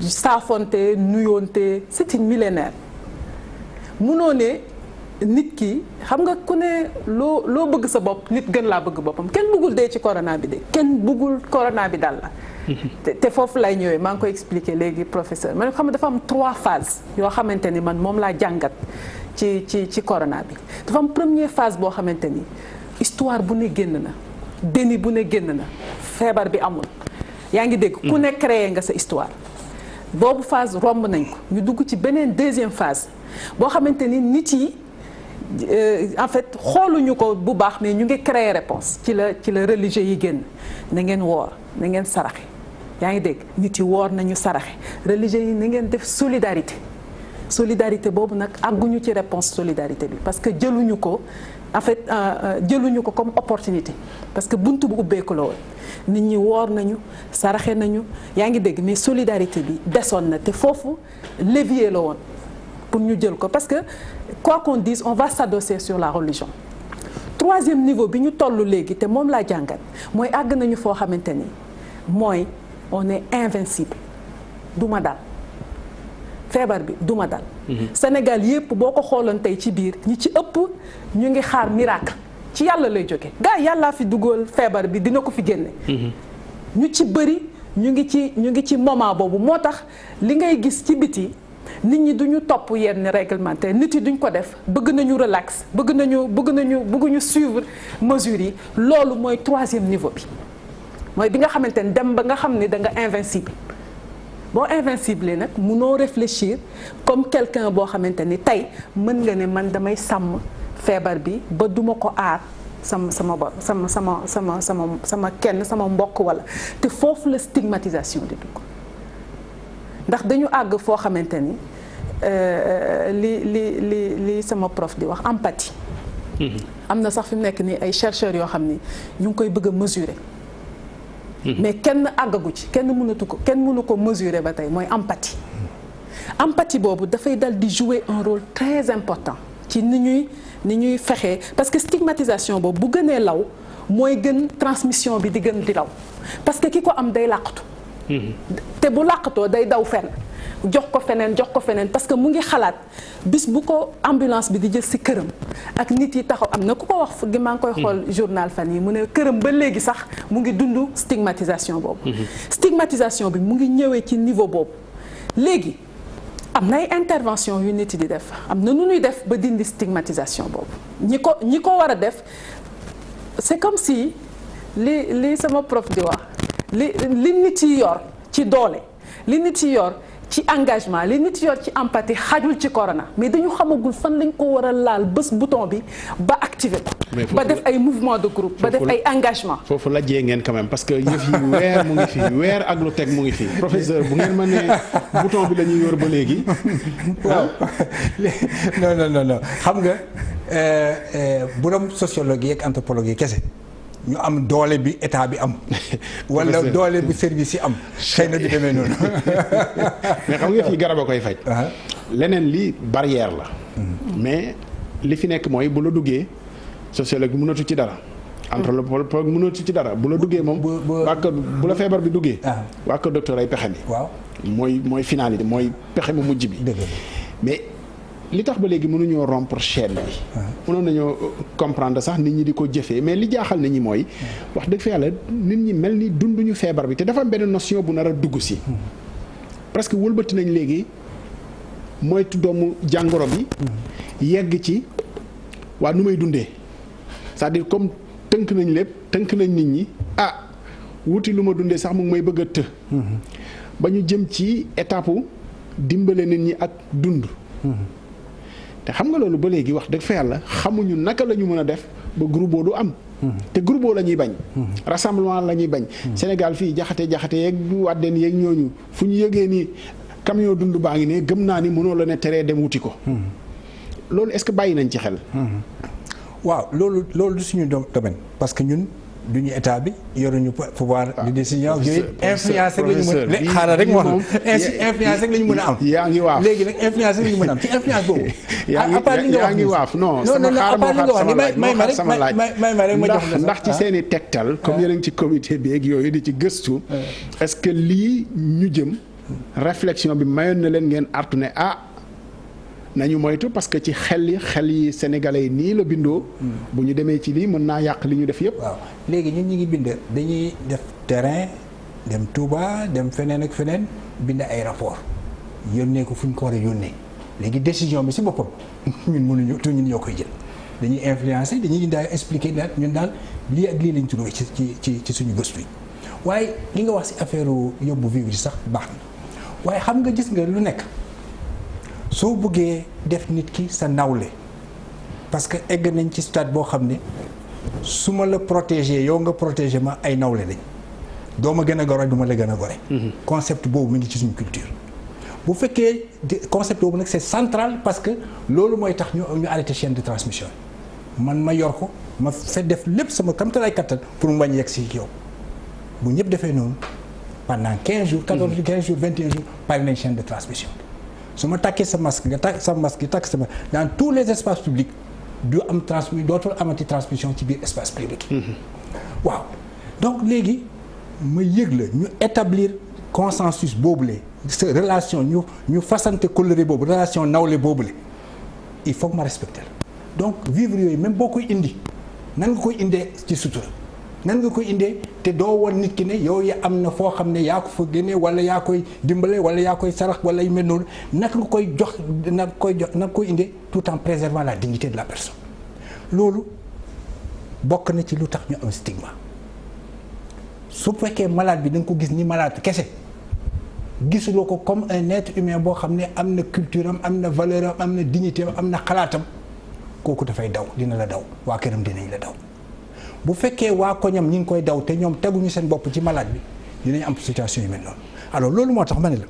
B: saafonte nuyoonte c'est une millénaire munoo ne nit ki xam nga ku ne loo loo bëgg sa bopp nit gën laa bëgg boppam kenn bëggul dee ci corona bi de kenn bëggul corona bi daal la te foofu lay ñëwee maa ngi koy expliquer léegi professeur man xam dafa am trois phases yoo xamante ni man moom laa jàngat ci ci ci corona bi dafa am première phase boo xamante ni histoire bu ne génn na déni bu ne génn na feebar bi amul yaa ngi dégg ku mm. ne créer nga sa histoire boobu phase romb nañ ko ñu dugg ci beneen deuxième phase boo xamante ni nit yi euh, en fait xooluñu ko bu baax mais ñu ngi créé réponse ci la ci la religieux yi génn na ngeen woor na ngeen saraxe yaa ngi dégg nit yi woor nañu saraxe religieux yi ni ngeen def solidarité solidarité boobu nag àgguñu ci réponse solidarité bi parce que jëluñu ko en fait euh, euh, jëluñu ko comme opportunité parce que bunt bu ubbeeku la woon nit ñi woor nañu saraxe nañu yaa ngi dégg mais solidarité bi desoon na te foofu levier la woon pour ñu jël ko parce que quoi qu'on dise on va s'adosser sur la religion troisième niveau bi ñu toll léegi te moom laa jàngat mooy àgg nañu foo xamante ni mooy on est invincible du ma dal feebar bi duma ma dal. Mhm. Sénégal yëpp boo ko xooloon tey ci biir ñi ci ëpp ñu ngi xaar miracle ci yàlla lay jóge gaa yàllaa fi dugal feebar bi dina ko fi génne. Mhm. ñu ci bëri ñu ngi ci ñu ngi ci moment boobu moo tax li ngay gis ci biti. nit ñi duñu topp yenn réglementaire nit yi duñ ko def bëgg nañu relax bëgg nañu bëgg nañu bëgguñu suivre mesure yi loolu mooy troisième niveau bi mooy bi nga xamante ni dem ba nga xam ni da nga invincible boo invincible nag munoo réfléchir comme quelquin boo xamante ni tey mën nga ne man damay sàmm feebar bi ba duma ko aar sama sama sama sama sama sama sama kenn sama mbokk walla te foofu la stigmatisation di dugg ndax dañu àgg foo xamante ni euh, li li li li sama prof di wax empathie mm-hmm. am na sax fi mu nekk nii ay chercheurs yoo xam ni ñu ngi koy bëgg a mesurer mais kenn àggagu ci kenn mënatu ko kenn mënu ko mesurer ba tey mooy empathie. empathie boobu dafay dal di jouer un rôle très important ci ni ñuy ni ñuy fexe parce que stigmatisation boobu bu gënee law mooy gën transmission bi di gën di law parce que ki ko am day làqatu. Mm-hmm. te bu làqatoo day daw fenn. jox ko feneen jox ko feneen parce que mu ngi xalaat bis bu ko ambulance bi di jël si këram ak nit yi taxaw am na ku ko wax fu gi maa ngi koy xool hmm. journal fan nii mu ne këram ba léegi sax mu ngi dund stigmatisation boobu hmm. stigmatisation bi mu ngi ñëwee ci niveau boobu léegi am na ay intervention yu nit yi di def am na nu ñuy def ba dindi stigmatisation boobu ñi ko ñi ko war a def c'est comme si li li sama prof di wax li li nit yi yor ci doole li nit yi yor ci engagement li nit yor ci empathie xajul ci corona mais dañu xamagul fan lañ ko war a laal bés bouton bi ba activer ko ba def ay mouvement de groupe ba def ay engagement
A: foofu la jee ngeen quand même parce que yëf yi weer mu ngi fi weer ak lu teg mu ngi fi professeur bu ngeen ma nee bouton bi dañuy yor ba léegi waaw non non xam nga
C: euh, euh, bu doon sociologue yi ak anthropologue kese ñu am doole bi état bi am.
A: wala doole
C: bi service yi am. xëy na di demee noonu.
A: mais xam nga fii garab a koy faj. Ah. leneen li barrière la. Mm-hmm. mais li fi nekk mooy bu la duggee sociologue mënatu ci dara. entre mm. anthropologue mënatu ci dara bu la duggee moom. waa kër bu la feebar bi duggee. Ah. waa kër docteur ay pexe mi. waaw mooy mooy finalité mooy pexe mu mujj bi. mais. li tax ba léegi mënuñoo rompre chaîne bi. mënoon nañoo euh, comprendre sax nit ñi di ko jëfee mais li jaaxal nit ñi mooy. wax dëgg fa yàlla nit ñi mel ni dunduñu feebar bi te dafa am benn bu nar a dugg si. Mm-hmm. parce wëlbati nañ léegi moytu doomu jàngoro bi. Mm-hmm. yegg ci waa nu may dundee cest à comme tënk nañ lépp tënk nañ nit ñi ah wuti lu ma dundee sax mu may bëgg a të. Mm-hmm. ba ñu jëm ci étape dimbale nit ñi ak dund. te xam nga loolu ba léegi wax dëgg fa yàlla xamuñu naka la ñu mën a def ba groupe du am. te groupe la ñuy bañ. rassemblement la ñuy bañ. Sénégal fii jaxate jaxate yeeg wàddeen yeeg ñooñu fu ñu yëgee ni camion dund baa ngi ne gëm naa ni mënoo la ne teree dem wuti ko. loolu est-ce que bàyyi nañ ci xel. waaw loolu loolu du suñu domaine parce que ñun. du ñu état bi yoruñu
C: pouvoir de ah, décision yooyu influence rek la ñu a xaaral rek rek
A: la a am yaa ngi waaf léegi nag influence rek la ñu mën a am ci influence boobu à part li yaa ngi waaf non non non à part li nga wax ni may may ma rek may ma ma jox ndax ci ah. seen i tegtal comme ah. yéen a ngi ci comité bi ak yooyu di ci gëstu est-ce que lii ñu jëm réflexion bi mayoon na leen ngeen artu ne ah nañu moytu parce que ci xel yi xel yi sénégalais yi nii la bindoo. Hmm. bu ñu demee ci lii mën naa yàq li ñu def yëpp. waaw léegi ñun ñu ngi bind dañuy
C: def terrain dem Touba dem feneen ak feneen bind ay rapport yónnee ko fu ñu ko war a yónnee léegi décision bi si boppam ñun mënuñu tu ñu ñoo koy jël dañuy influencer dañuy daal expliquer daal ñun daal lii ak lii lañ tuddoo ci ci ci suñu gëstu yi waaye li nga wax si affaire yóbbu vivre sax baax na waaye xam nga gis nga lu nekk. soo buggee def nit ki sa nawle parce que egg nañ ci stade boo xam ne su ma la protéger yow nga protéger ma ay nawle lañ doo ma gën a gore du ma la gën a gore mhm. concept boobu mu ngi ci suñu culture bu fekkee concept boobu nag c'est central parce que loolu mooy tax ñu ñu arrêté chaîne de transmission man ma yor ko ma fa def lépp sama kam ay kattan pour mu bañ yegg si yow bu ñëpp defee noonu pendant 15 jours 14 mhm. jours 15 jours 21 pare nañ chaîne de transmission su ma takkee sa masque nga takk sa masque takk sa masque dans tous les espaces publics du am transmi dootul amati transmission ci biir espace privé bi. Mhm. waaw donc léegi ma yëg la ñu établir consensus boobule sa relation ñu ñu fasante coloré boobu relation nawle boobule il faut que ma respecter donc vivre yooyu même boo koy indi nan nga koy indee ci sutura. nan nga koy indee te doo woon nit ki ne yow yi am na foo xam ne yaa ko fa génne wala yaa koy dimbale wala yaa koy sarax wala yu mel noonu naka nga koy jox na koy jox nag koy indee tout en préservant la dignité de la personne loolu bokk na ci lu tax ñu am stigma su fekkee malaat bi danga ko gis ni malaat kese gisuloo ko comme un être humain boo xam ne am na culture am am na valeur am am na dignité am am na xalaatam kooku dafay daw dina la daw waa këram dinañ la daw bu fekkee waa koñam ñu ngi koy daw te ñoom teguñu seen bopp ci malade bi dinañ am situation yi mel noonu alors loolu moo tax ma ne la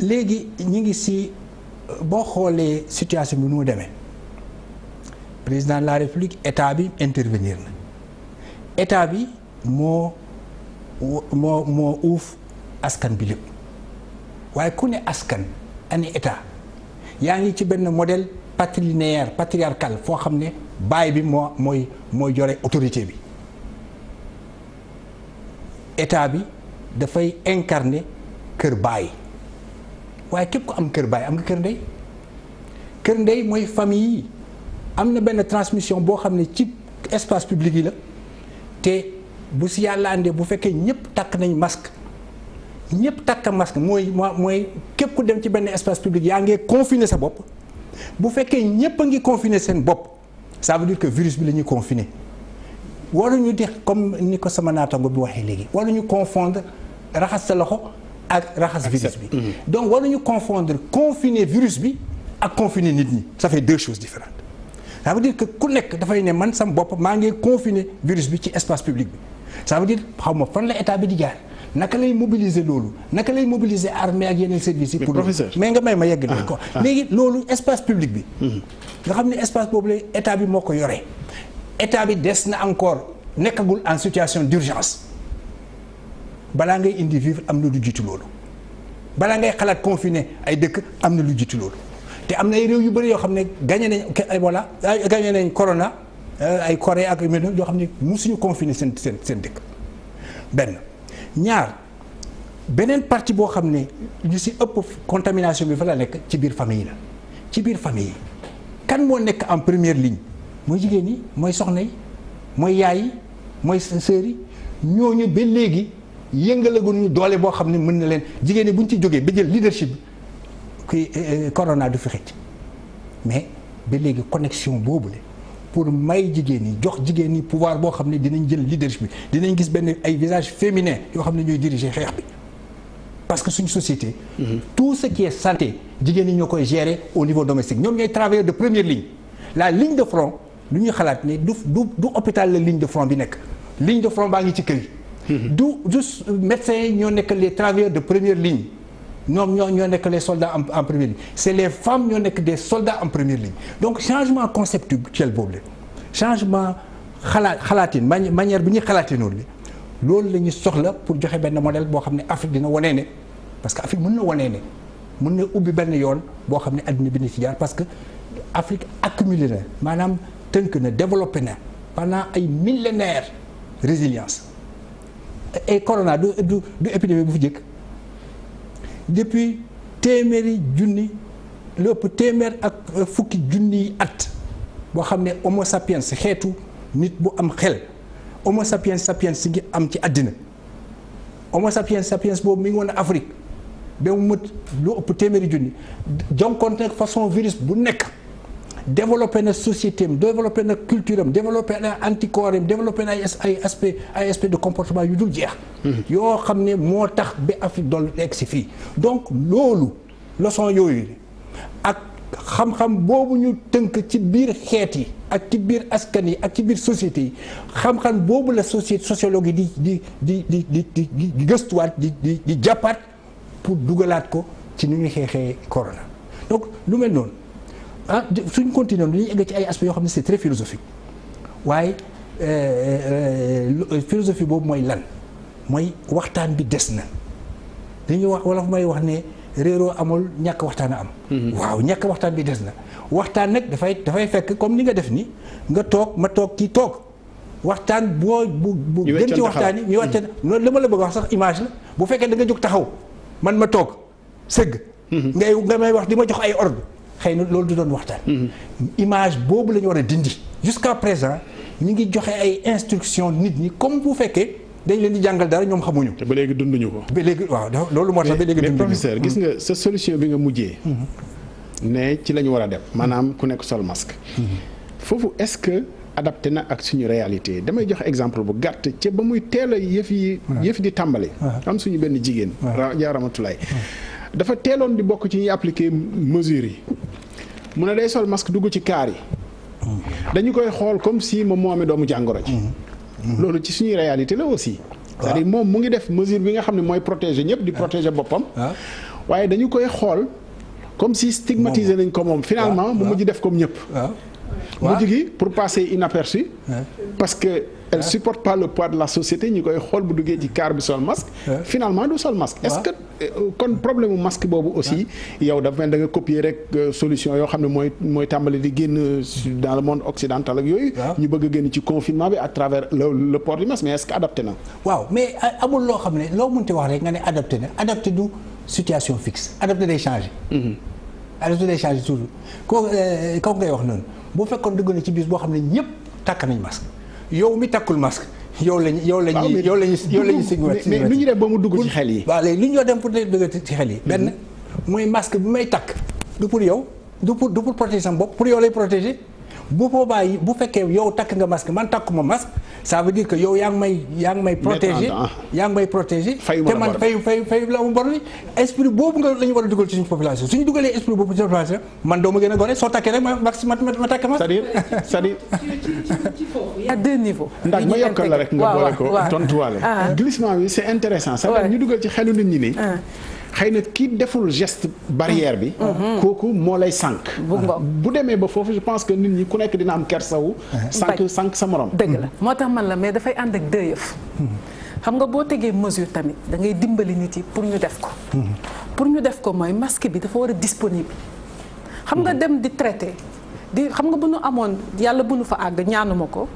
C: léegi ñu ngi si boo xoolee situation bi nu mu demee président de la république état bi intervenir na état bi moo moo moo uuf askan bi lépp waaye ku ne askan ani état yaa ngi ci benn modèle patrilinéaire patriarcal foo xam ne baay bi moo mooy mooy jore autorité bi état bi dafay incarner kër baay waaye képp ku am kër baay am nga kër ndey kër ndey mooy famille yi am na benn transmission boo xam ne ci espace public yi la te bu si yàlla àndee bu fekkee ñëpp takk nañ masque ñëpp takk masque mooy mooy képp ku dem ci benn espace public yaa ngee confine sa bopp bu fekkee ñëpp a ngi confiner seen bopp ça veut dire que virus bi la ñuy confiner waruñu di comme ni ko sama naatango bi waxee léegi waruñu confonder raxas sa loxo ak raxas virus bi mhm. donc waruñu confonder confiner virus bi ak confiner nit ñi ça fait deux choses différentes ça veut dire que ku nekk dafay ne man sam bopp maa ngi confiner virus bi ci espace public bi ça veut dire xaw ma fan la état bi di jaar naka lay mobiliser loolu naka lay mobiliser armée ak yeneen service yi. pour mais nga may ma yegg ah, ko ah. léegi loolu espace public bi. Hmm. nga xam ne espace boobu la état bi moo ko yore état bi des na encore nekkagul en situation d'urgence balaa ngay indi vivre am na lu jiitu loolu balaa ngay xalaat confiné ay dëkk am na lu jiitu loolu te am na ay réew yu bëri yoo xam ne gagné nañ voilà gagné nañ corona euh, ay Corée ak yu mel yoo xam ne musuñu confiné seen seen seen dëkk benn. ñaar beneen partie boo xam ne ñu si ëpp contamination bi fa la nekk ci biir yi la ci biir famille kan moo nekk en première ligne mooy jigéen yi mooy soxna yi mooy yaay yi mooy sœur yi ñooñu ba léegi yëngalaguñu doole boo xam ne mën na leen jigéen yi bu ñu ci jógee ba jël leadership ki eh, eh, corona du fi xëcc mais ba léegi connection boobu la pour may jigéen ñi jox jigéen ñi pouvoir boo xam ne dinañ jël leadership bi dinañ gis benn ay visage féminin yoo xam ne ñooy diriger xeex bi parce que suñu société. Mhm. tout ce qui est santé jigéen ñi ñoo koy gérer au niveau domestique ñoom ñooy travailleurs de première ligne la ligne de front lu ñuy xalaat ne du du du hôpital la ligne de front bi nekk ligne de front baa ngi ci kër yi. Mhm. du du médecins yi ñoo nekk les travailleurs de première ligne. ñoom ñoo ñoo nekk les soldats en en première ligne c'est les femmes ñoo nekk des soldats en première ligne donc changement conceptuel boobu la changement xalaat xalaatin manière bi ñuy xalaatinoon li loolu la ñu soxla pour joxe benn modèle boo xam ne Afrique dina wanee ne parce que Afrique mën na wanee ne mën na ubbi benn yoon boo xam ne adduna bi na ci jaar parce que Afrique accumulé na maanaam tënk na développé na pendant ay millénaires résilience et corona du du du bu fi jëkk depuis téeméeri junni lu ëpp téeméer ak euh, fukki junniy at boo xam ne homo sapiens xeetu nit bu am xel homo sapiens sapiens si ngi am ci àddina homo sapiens sapiens boobu mi ngi woon Afrique ba mu mët lu ëpp téeméeri junni jonkoonte façon virus bu nekk développé na société am développé na culture am développé na anticorps am na ay ay aspect ay aspect de comportement yu dul jeex. Hmm. yoo xam ne moo tax bi Afrique doon egg si fii donc loolu leçon yooyu ak xam-xam boobu ñu tënk ci biir xeet yi ak ci biir askan yi ak ci biir société yi xam-xam boobu la société sociologue yi di di di di di di gëstuwaat di di di jàppaat pour dugalaat ko ci ni ñuy xeexee corona donc lu mel noonu. ah suñ continuer dañuy egg ci ay aspects yoo xam ne c'est très philosophique waaye euh, euh, euh, philosophie boobu mooy lan mooy waxtaan bi des na li dañuy wax wolof may wax ne réeroo amul ñàkk waxtaan a am. Mm-hmm. waaw ñàkk waxtaan bi des na. waxtaan nag dafay dafay fekk comme ni nga def ni nga toog ma toog kii toog waxtaan boo bu bu gën ci waxtaan yi ñu wàccan mm-hmm. loolu li ma la bëgg wax sax image la bu fekkee dangay nga jóg taxaw man ma toog sëgg. Mm-hmm. ngay nga may wax di ma jox ay ordre xëy na loolu du doon waxtaan. image boobu la ñu war a dindi. jusqu'à présent ñu ngi joxe ay instructions nit ñi comme bu fekkee
A: dañu leen di jàngal dara ñoom xamuñu. te ba léegi dunduñu ko. ba léegi waaw loolu moo tax ba léegi dunduñu ko mais professeur gis nga mm-hmm. sa solution bi nga mujjee. Mm-hmm. ne ci la ñu war a dem maanaam ku nekk sol masque.
D: Mm-hmm.
A: foofu est-ce que. adapté na ak suñu réalité damay jox exemple bu gàtt ca ba muy teel a yëf yi yëf di tàmbali am suñu benn jigéen jaa ramatulaay dafa teeloon di bokk ci ñuy appliquer mesures yi mun ne day sol masque dugg ci kaar yi. dañu koy xool comme si moom moo amee doomu jàngoro ji. loolu ci suñuy réalité la aussi. cest moom mu ngi def mesure bi nga xam ne mooy protéger ñëpp di protéger boppam. Ah. waaye dañu koy xool comme si stigmatiser nañ ko moom. finalement ah. mu mujj ah. def comme ñëpp. mujj gi pour passer inaperçu. parce elle supporte pas le poids de la société ñu koy xool bu duggee ci car bi sol masque finalement du sol masque est-ce que euh, kon problème masque boobu aussi yow dafa mel da nga copier rek euh, solution yoo xam ne mooy mooy tàmbali di génn euh, dans le monde occidental ak yooyu ñu bëgg a génn ci confinement bi à travers le port du masque mais est-ce que adapté na waaw mais amul loo xam ne loo munti wax rek nga ne adapté na adapté du situation fixe adapté
C: day changé mm-hmm. adapté day changé toujours ko kaw ngay wax noonu boo fekkoon dëgg na ci bis boo xam ne ñëpp tàkk nañ masque yow mi takkul masque. yow lañ yow lañ yow lañ yow lañ sigwet mais lu ñu def ba mu dugg ci xel yi. waaw li lu ñu doon dem pour dugg ci xel yi. Mm-hmm. benn mooy masque bi may takk. du pour yow du pour du pour protéger sama bopp pour yow lay protéger bu boobaa bu fekkee yow takk nga masque man takkuma masque ça veut dire que yow yaa ngi may yaa ngi may protéger yaa ngi may protéger te man fay fay fay la mu bor bi esprit boobu nga la ñu war a dugal ci suñu population suñu dugalee esprit boobu ci population man doo ma gën a gore soo takkee rek ma ma ma ma c'est-à-dire
A: cest ah, ndax ma yokkal la rek nga boole ko tontuwaale ah. ñu dugal ci xelu nit ñi ni ah. xëy na kii deful geste barrière bi. Mm-hmm. Mm-hmm. kooku moo lay sànq. bu ngoo bu demee ba foofu je pense que nit ñi ku nekk dina am kersawu. sànq sànq sa moroom dëgg la mm-hmm.
B: moo tax man la mais dafay ànd ak deux xam nga boo tegee mesure tamit dangay dimbali nit yi pour ñu def ko. pour ñu def ko mooy masque bi dafa war a disponible. xam nga dem di traité di xam nga bu nu amoon yàlla bu nu fa àgg ñaanuma ko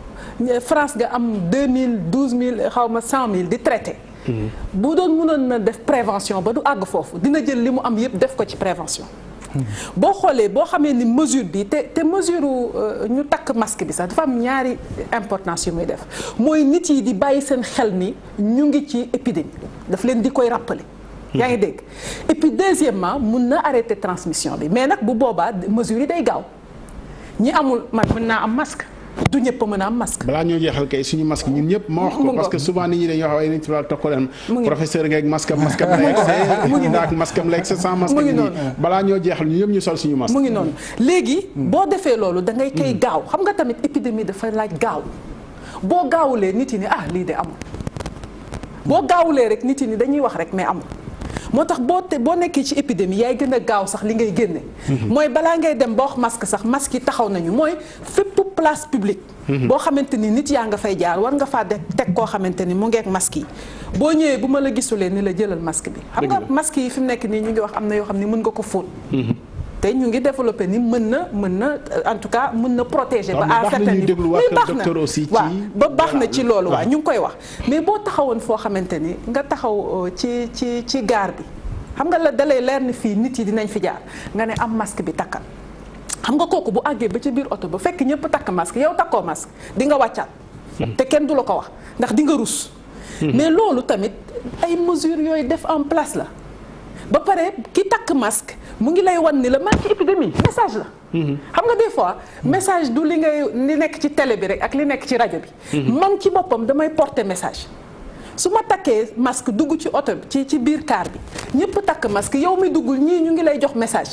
B: France nga am deux mille douze mille xaw ma cent mille di traité. bu doon mënoon na def prévention ba du àgg foofu dina jël li mu am yëpp def ko ci prévention. boo xoolee boo xamee ni mesure bi te te mesure euh, ñu takk masque bi sax dafa am ñaari importance yu muy def mooy nit yi di bàyyi seen xel ni ñu ngi ci épidémie daf leen di koy rappeler. yaa ngi dégg et puis deuxièmement mun na arrêter transmission bi mais nag bu boobaa mesure yi day gaaw ñi amul man mën naa am masque. du ñëpp mën a am masque.
A: balaa ñoo jeexal kay suñu masque ñun ñëpp ma wax ko parce que souvent nit ñi dañuy wax waaye nañ ci ñoo
B: jeexal ñu ñëpp ñu sol suñu masque mu ngi noonu léegi hmm. boo defee loolu da ngay kay hmm. gaaw xam nga tamit épidémie dafa laaj gaaw boo gaawulee nit yi ni ah lii de amul boo gaawulee rek nit yi ni dañuy wax rek mais amul moo tax boo te boo nekkee ci épidémie yaay gën a gaaw sax li ngay génne. Mhm. mooy balaa ngay dem ba wax masque sax masque yi taxaw nañu mooy fépp place publique. Mhm. boo xamante ni nit yaa nga fay jaar war nga faa def teg koo xamante ni mu ngeeg mask yi boo ñëwee bu ma la gisulee ni la jëlal masque bi. xam nga masque yi fi mu nekk nii ñu ngi wax am na yoo xam ne mën nga ko fóot. Mhm. te ñu ngi développé ni mën na mën na en tout cas mën na protéger ba à certain niveau baax na waaw ba baax na ci loolu waaw ñu ngi koy wax mais boo taxawoon foo xamante ni nga taxaw euh, ci ci ci gaar bi xam nga la dalay leer ni fii nit yi dinañ fi jaar nga ne am masque bi takkal xam nga kooku bu àggee ba ci biir oto ba fekk ñëpp takk masque yow takkoo masque di nga wàccaat hmm. te kenn du la ko wax ndax di nga rus hmm. mais loolu tamit ay mesures yooyu def en place la ba pare ki takk masque mu ngi lay wan ni la maa ngi épidémie message la. Mhm. xam nga des fois message du li ngay li nekk ci télé bi rek ak li nekk ci rajo bi. Mhm. man ci boppam damay porte message. su ma takkee masque dugg ci oto bi ci ci biir kaar bi ñëpp takk masque yow mi duggul ñii ñu ngi lay jox message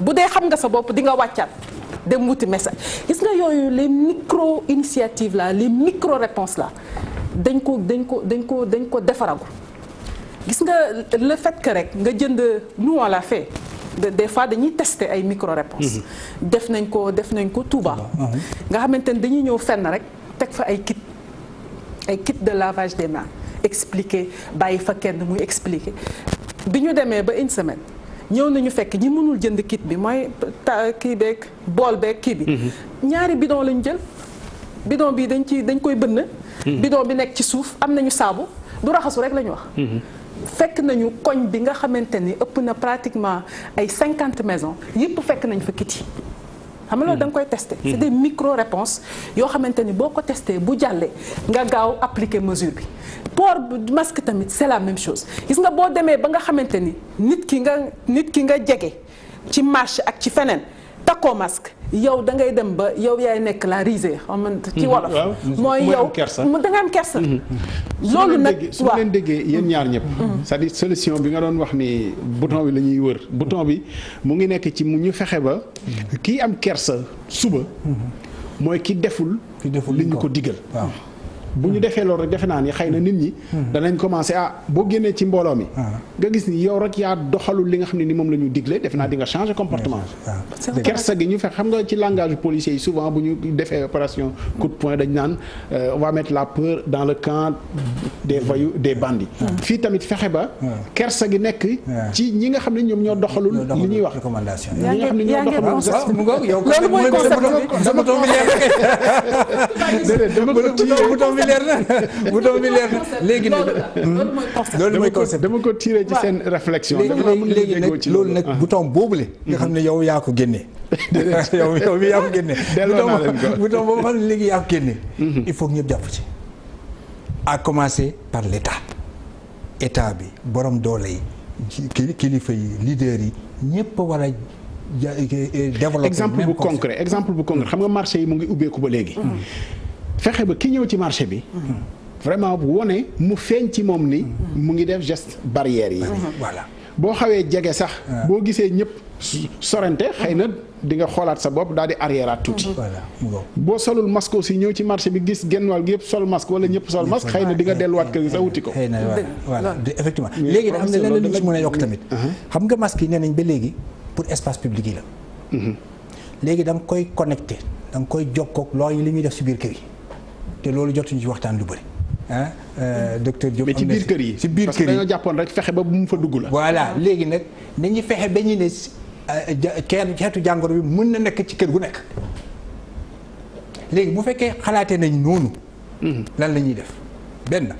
B: bu dee xam nga sa bopp di nga wàccaat dem wuti message gis nga yooyu les micro initiative la les micro réponses la dañ ko dañ ko dañ ko dañ ko defaragul gis nga le fait que rek nga jënd nous on l'a fait des fois dañuy tester ay micro réponse mhm. def nañ ko def nañ ko Touba. Ah nga xamante ne dañuy ñëw fenn rek teg fa ay kit ay kit de lavage des mains expliquer bàyyi fa kenn muy expliquer bi ñu demee ba une semaine ñëw nañu fekk ñi mënul jënd kit bi mooy ta kii beeg bool beeg kii bi mhm. ñaari bidon lañu jël bidon bi dañ ci dañ koy bënn mhm. bidon bi nekk ci suuf am nañu saabu du raxasu rek la ñu wax fekk nañu koñ bi nga xamante ni ëpp na pratiquement ay cinquante maison yëpp fekk nañu fa kit yi xam nga koy teste mm-hmm. c'est des micro réponses yoo xamante ni boo ko testé bu jàllee nga gaaw appliquer mesure bi port bu masque tamit c'est la même chose gis nga boo demee ba nga xamante ni nit ki nga nit ki nga jege ci marché ak ci feneen takkoo masque yow da ngay dem ba yow yaay nekk la risée xam nga ci mhm. wolof mooy yow da nga am kersa mhm. loolu nag su leen
A: déggee yéen ñaar ñëpp mhm. sa di solution bi nga doon wax ni bouton bi la ñuy wër bouton bi mu ngi nekk ci mu ñu fexe ba kii am kersa suba mooy ki deful li ñu ko digal bu ñu defee loolu rek defe naa ni xëy na nit ñi danañ commencé ah boo génnee ci mbooloo mi ah. nga gis ni yow rek yaa doxalul li nga xam ne ni moom la ñu digle defe naa di nga changer comportement ah, kersa gi ñu fex xam nga ci langage policier yi souvent bu ñu defee opération coup de poing dañ naan euh, on va la peur dans le camp des voyous des bandits ah. fii tamit fexe ba kersa gi nekk ci ñi nga xam ne ñoom ñoo doxalul li ñuy wax ñi nga xam ne ñoo doxalul mu ngoog yow
C: na bu doom na léegi nag
A: loolu mooy hmm? concept dama ko tiré ci seen réflexion léegi
C: loolu nag bouton boobule nga xam ne yow yaa ko génne yow yow mi yaa ko génne bouton boobu xam ne léegi yaa ko génne mhm. il faut que ñëpp jàpp ci à commencer par l'état état bi borom doole yi kilifa yi leader yi ñëpp war a eh, eh, développer exemple bu concret exemple bu xam
A: nga marché yi mu ngi ubbeeku ba léegi mhm. fexe ba ki ñëw ci marché bi. vraiment bu wone mu feeñ ci moom ni. mu ngi def geste barrière yi. voilà boo xawee jege sax. Ah. boo gisee ñëpp sorante xay na di nga xoolaat sa bopp daal di arrièreaat tuuti. Mm-hmm. boo solul masque si ñëw ci marché bi gis genn wàll gi yëpp sol masque wala ñëpp sol masque xëy na di nga delluwaat kër gi sa wuti ko. xëy na voilà
C: effectivement. léegi nag am na leneen lu ñu ci mën a uh-huh. xam nga masque yi nañ ba léegi pour espace public yi la. Uh-huh. léegi da koy connecté da nga koy jokkoo ak loo yi li ñuy def si biir kër yi. te loolu jotuñu ci waxtaan lu bari ah docteur Diop am na ci biir kër yi ci biir kër yi parce que dañoo jàppoon rek fexe ba bu mu fa dugg la. voilà léegi nag nañu fexe ba ñu ne euh, kenn xeetu jàngoro bi mën na nekk ci kër gu nekk léegi bu fekkee xalaatee nañ noonu. lan la ñuy def benn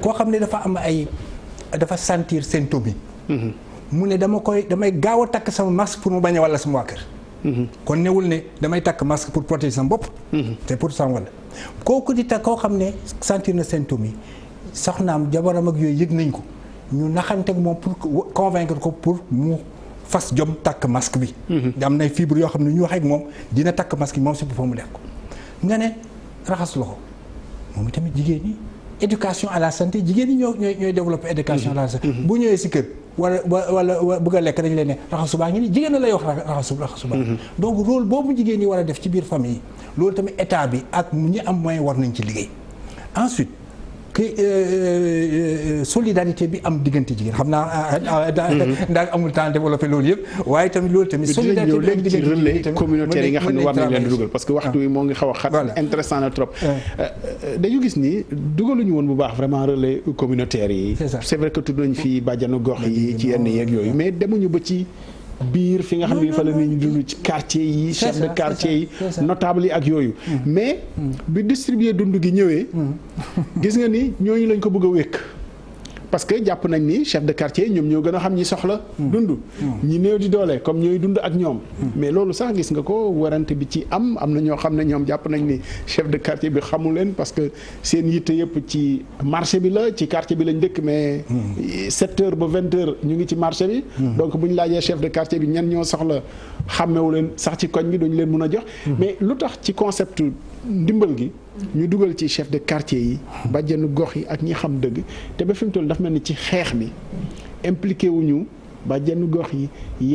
C: koo xam ne dafa am ay dafa sentir symptômes yi. mu ne dama koy damay gaaw a takk sama masque pour mu bañ a walla sama waa kër. Mhm. kon newul ne damay takk masque pour protéger sama bopp. Mhm. te pour sama kooku di takk koo xam ne sentir na symptôme yi am jabaram ak yooyu yëg nañ ko ñu naxanteeg moom pour convaincre ko pour mu fas jom takk masque bi. Mm-hmm. am nay fibre yoo xam ne ñu wax ak moom dina takk masque bi moom si boppam mu def nga ne raxas loxo moom itamit jigéen ñi. éducation à la santé jigéen ñi ñoo ñooy ñooy développé éducation à la santé mhm. bu ñëwee si kër wala wala bëgg a lekk dañu leen ne raxas subaa ngi ni jigéen na lay wax raxas raxas subaa mhm. donc rôle boobu jigéen ñi war a def ci biir famille loolu tamit état bi ak ñi am moyen war nañ ci liggéey ensuite que eh, eh, eh, solidarité bi am diggante jigéen xam naa. Ah, ah, ah, mhm. ndax amul temps développé loolu yëpp waaye tamit loolu tamit. solidarité bi am diggante jigéen tamit relais communautaire yi nga xam ne war nañ leen di dugal
A: parce que waxtu wi moo ngi xaw a xat. intéressant na trop. Euh, euh, dañu gis ni dugaluñu woon bu baax vraiment relais communautaire yi. c'est vrai que tudd nañ fi bàjjanu gox yi ci yenn yeeg yooyu mais demuñu ba ci. biir fi nga xam ne fa la nit ñi dund ci quartier yi chef de quartier yi notable yi ak yooyu mm. mais mm. bi distribuer dund gi ñëwee mm. gis nga ni ñooñu lañ ko bëgg a wékk parce que jàpp nañ ni chef de quartier ñoom ñoo gën a xam ñi soxla dund hmm. ñi néew di doole comme ñooy dund ak ñoom hmm. mais loolu sax gis nga ko warante bi ci am am na ñoo xam ne ñoom jàpp nañ ni chef de quartier bi xamu leen parce que seen yitte yëpp ci marché bi la ci quartier bi lañ dëkk mais hmm. sept ba vingt heures ñu ngi ci marché bi donc bu ñu laajee chef de quartier bi ñan ñoo soxla xàmmewu leen sax ci koñ bi dañu leen mun a jox mais lu tax ci concept ndimbal gi. ñu dugal ci chef de quartier yi. bàjjenu gox yi ak ñi xam dëgg te ba fi mu toll dafa mel ni ci xeex bi impliqué wu ñu bàjjenu gox yi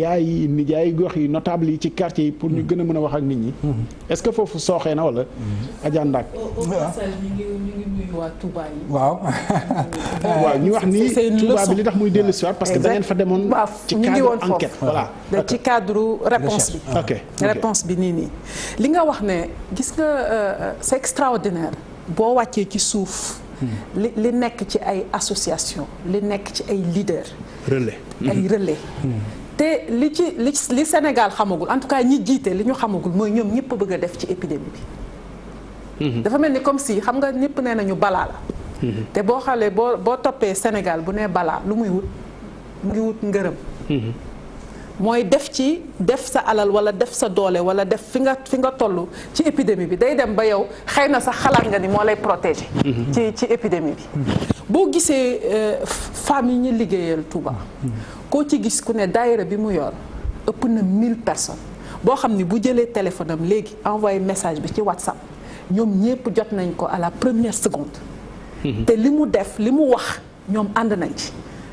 A: yaay yi nijaayi gox yi notable yi ci quartier yi pour ñu mm. gën a mën a wax ak nit ñi. Mm-hmm. est-ce que foofu sooxee na wala. Mm-hmm. Adja waaw. waaw ñu wax ni Touba bi li tax muy dellu si parce que da ngeen fa demoon. ci cadre
B: enquête voilà. ci cadre réponse bi. ok réponse bi nii nii. li nga wax ne gis nga euh, euh, c'est extraordinaire boo wàccee ci suuf. li li nekk ci ay association li nekk ci ay leader
D: rële
C: ay
B: relais te li ci li li Sénégal xamagul en tout cas ñi jiite li ñu xamagul mooy ñoom ñëpp bëgg a def ci épidémie bi mhm. dafa mel ni comme si xam nga ñëpp nee nañu balaa la mhm. te boo xalee boo boo toppee Sénégal bu nee balaa lu muy wut mu ngi wut ngërëm mhm. mooy def ci def sa alal wala def sa doole wala def fi nga fi nga toll ci épidémie bi day dem ba yow xëy na sax xalaat nga ni moo lay protéger. Mhm. ci ci épidémie bi. Mhm. boo gisee euh, femmes yi ñu liggéeyal Touba. Mhm. koo ci gis ku ne daayira bi mu yor ëpp na 1000 personnes boo xam ni bu jëlee téléphone am léegi envoyé message bi ci WhatsApp ñoom ñépp jot nañ ko à la première seconde. te li mu def li mu wax ñoom ànd nañ ci.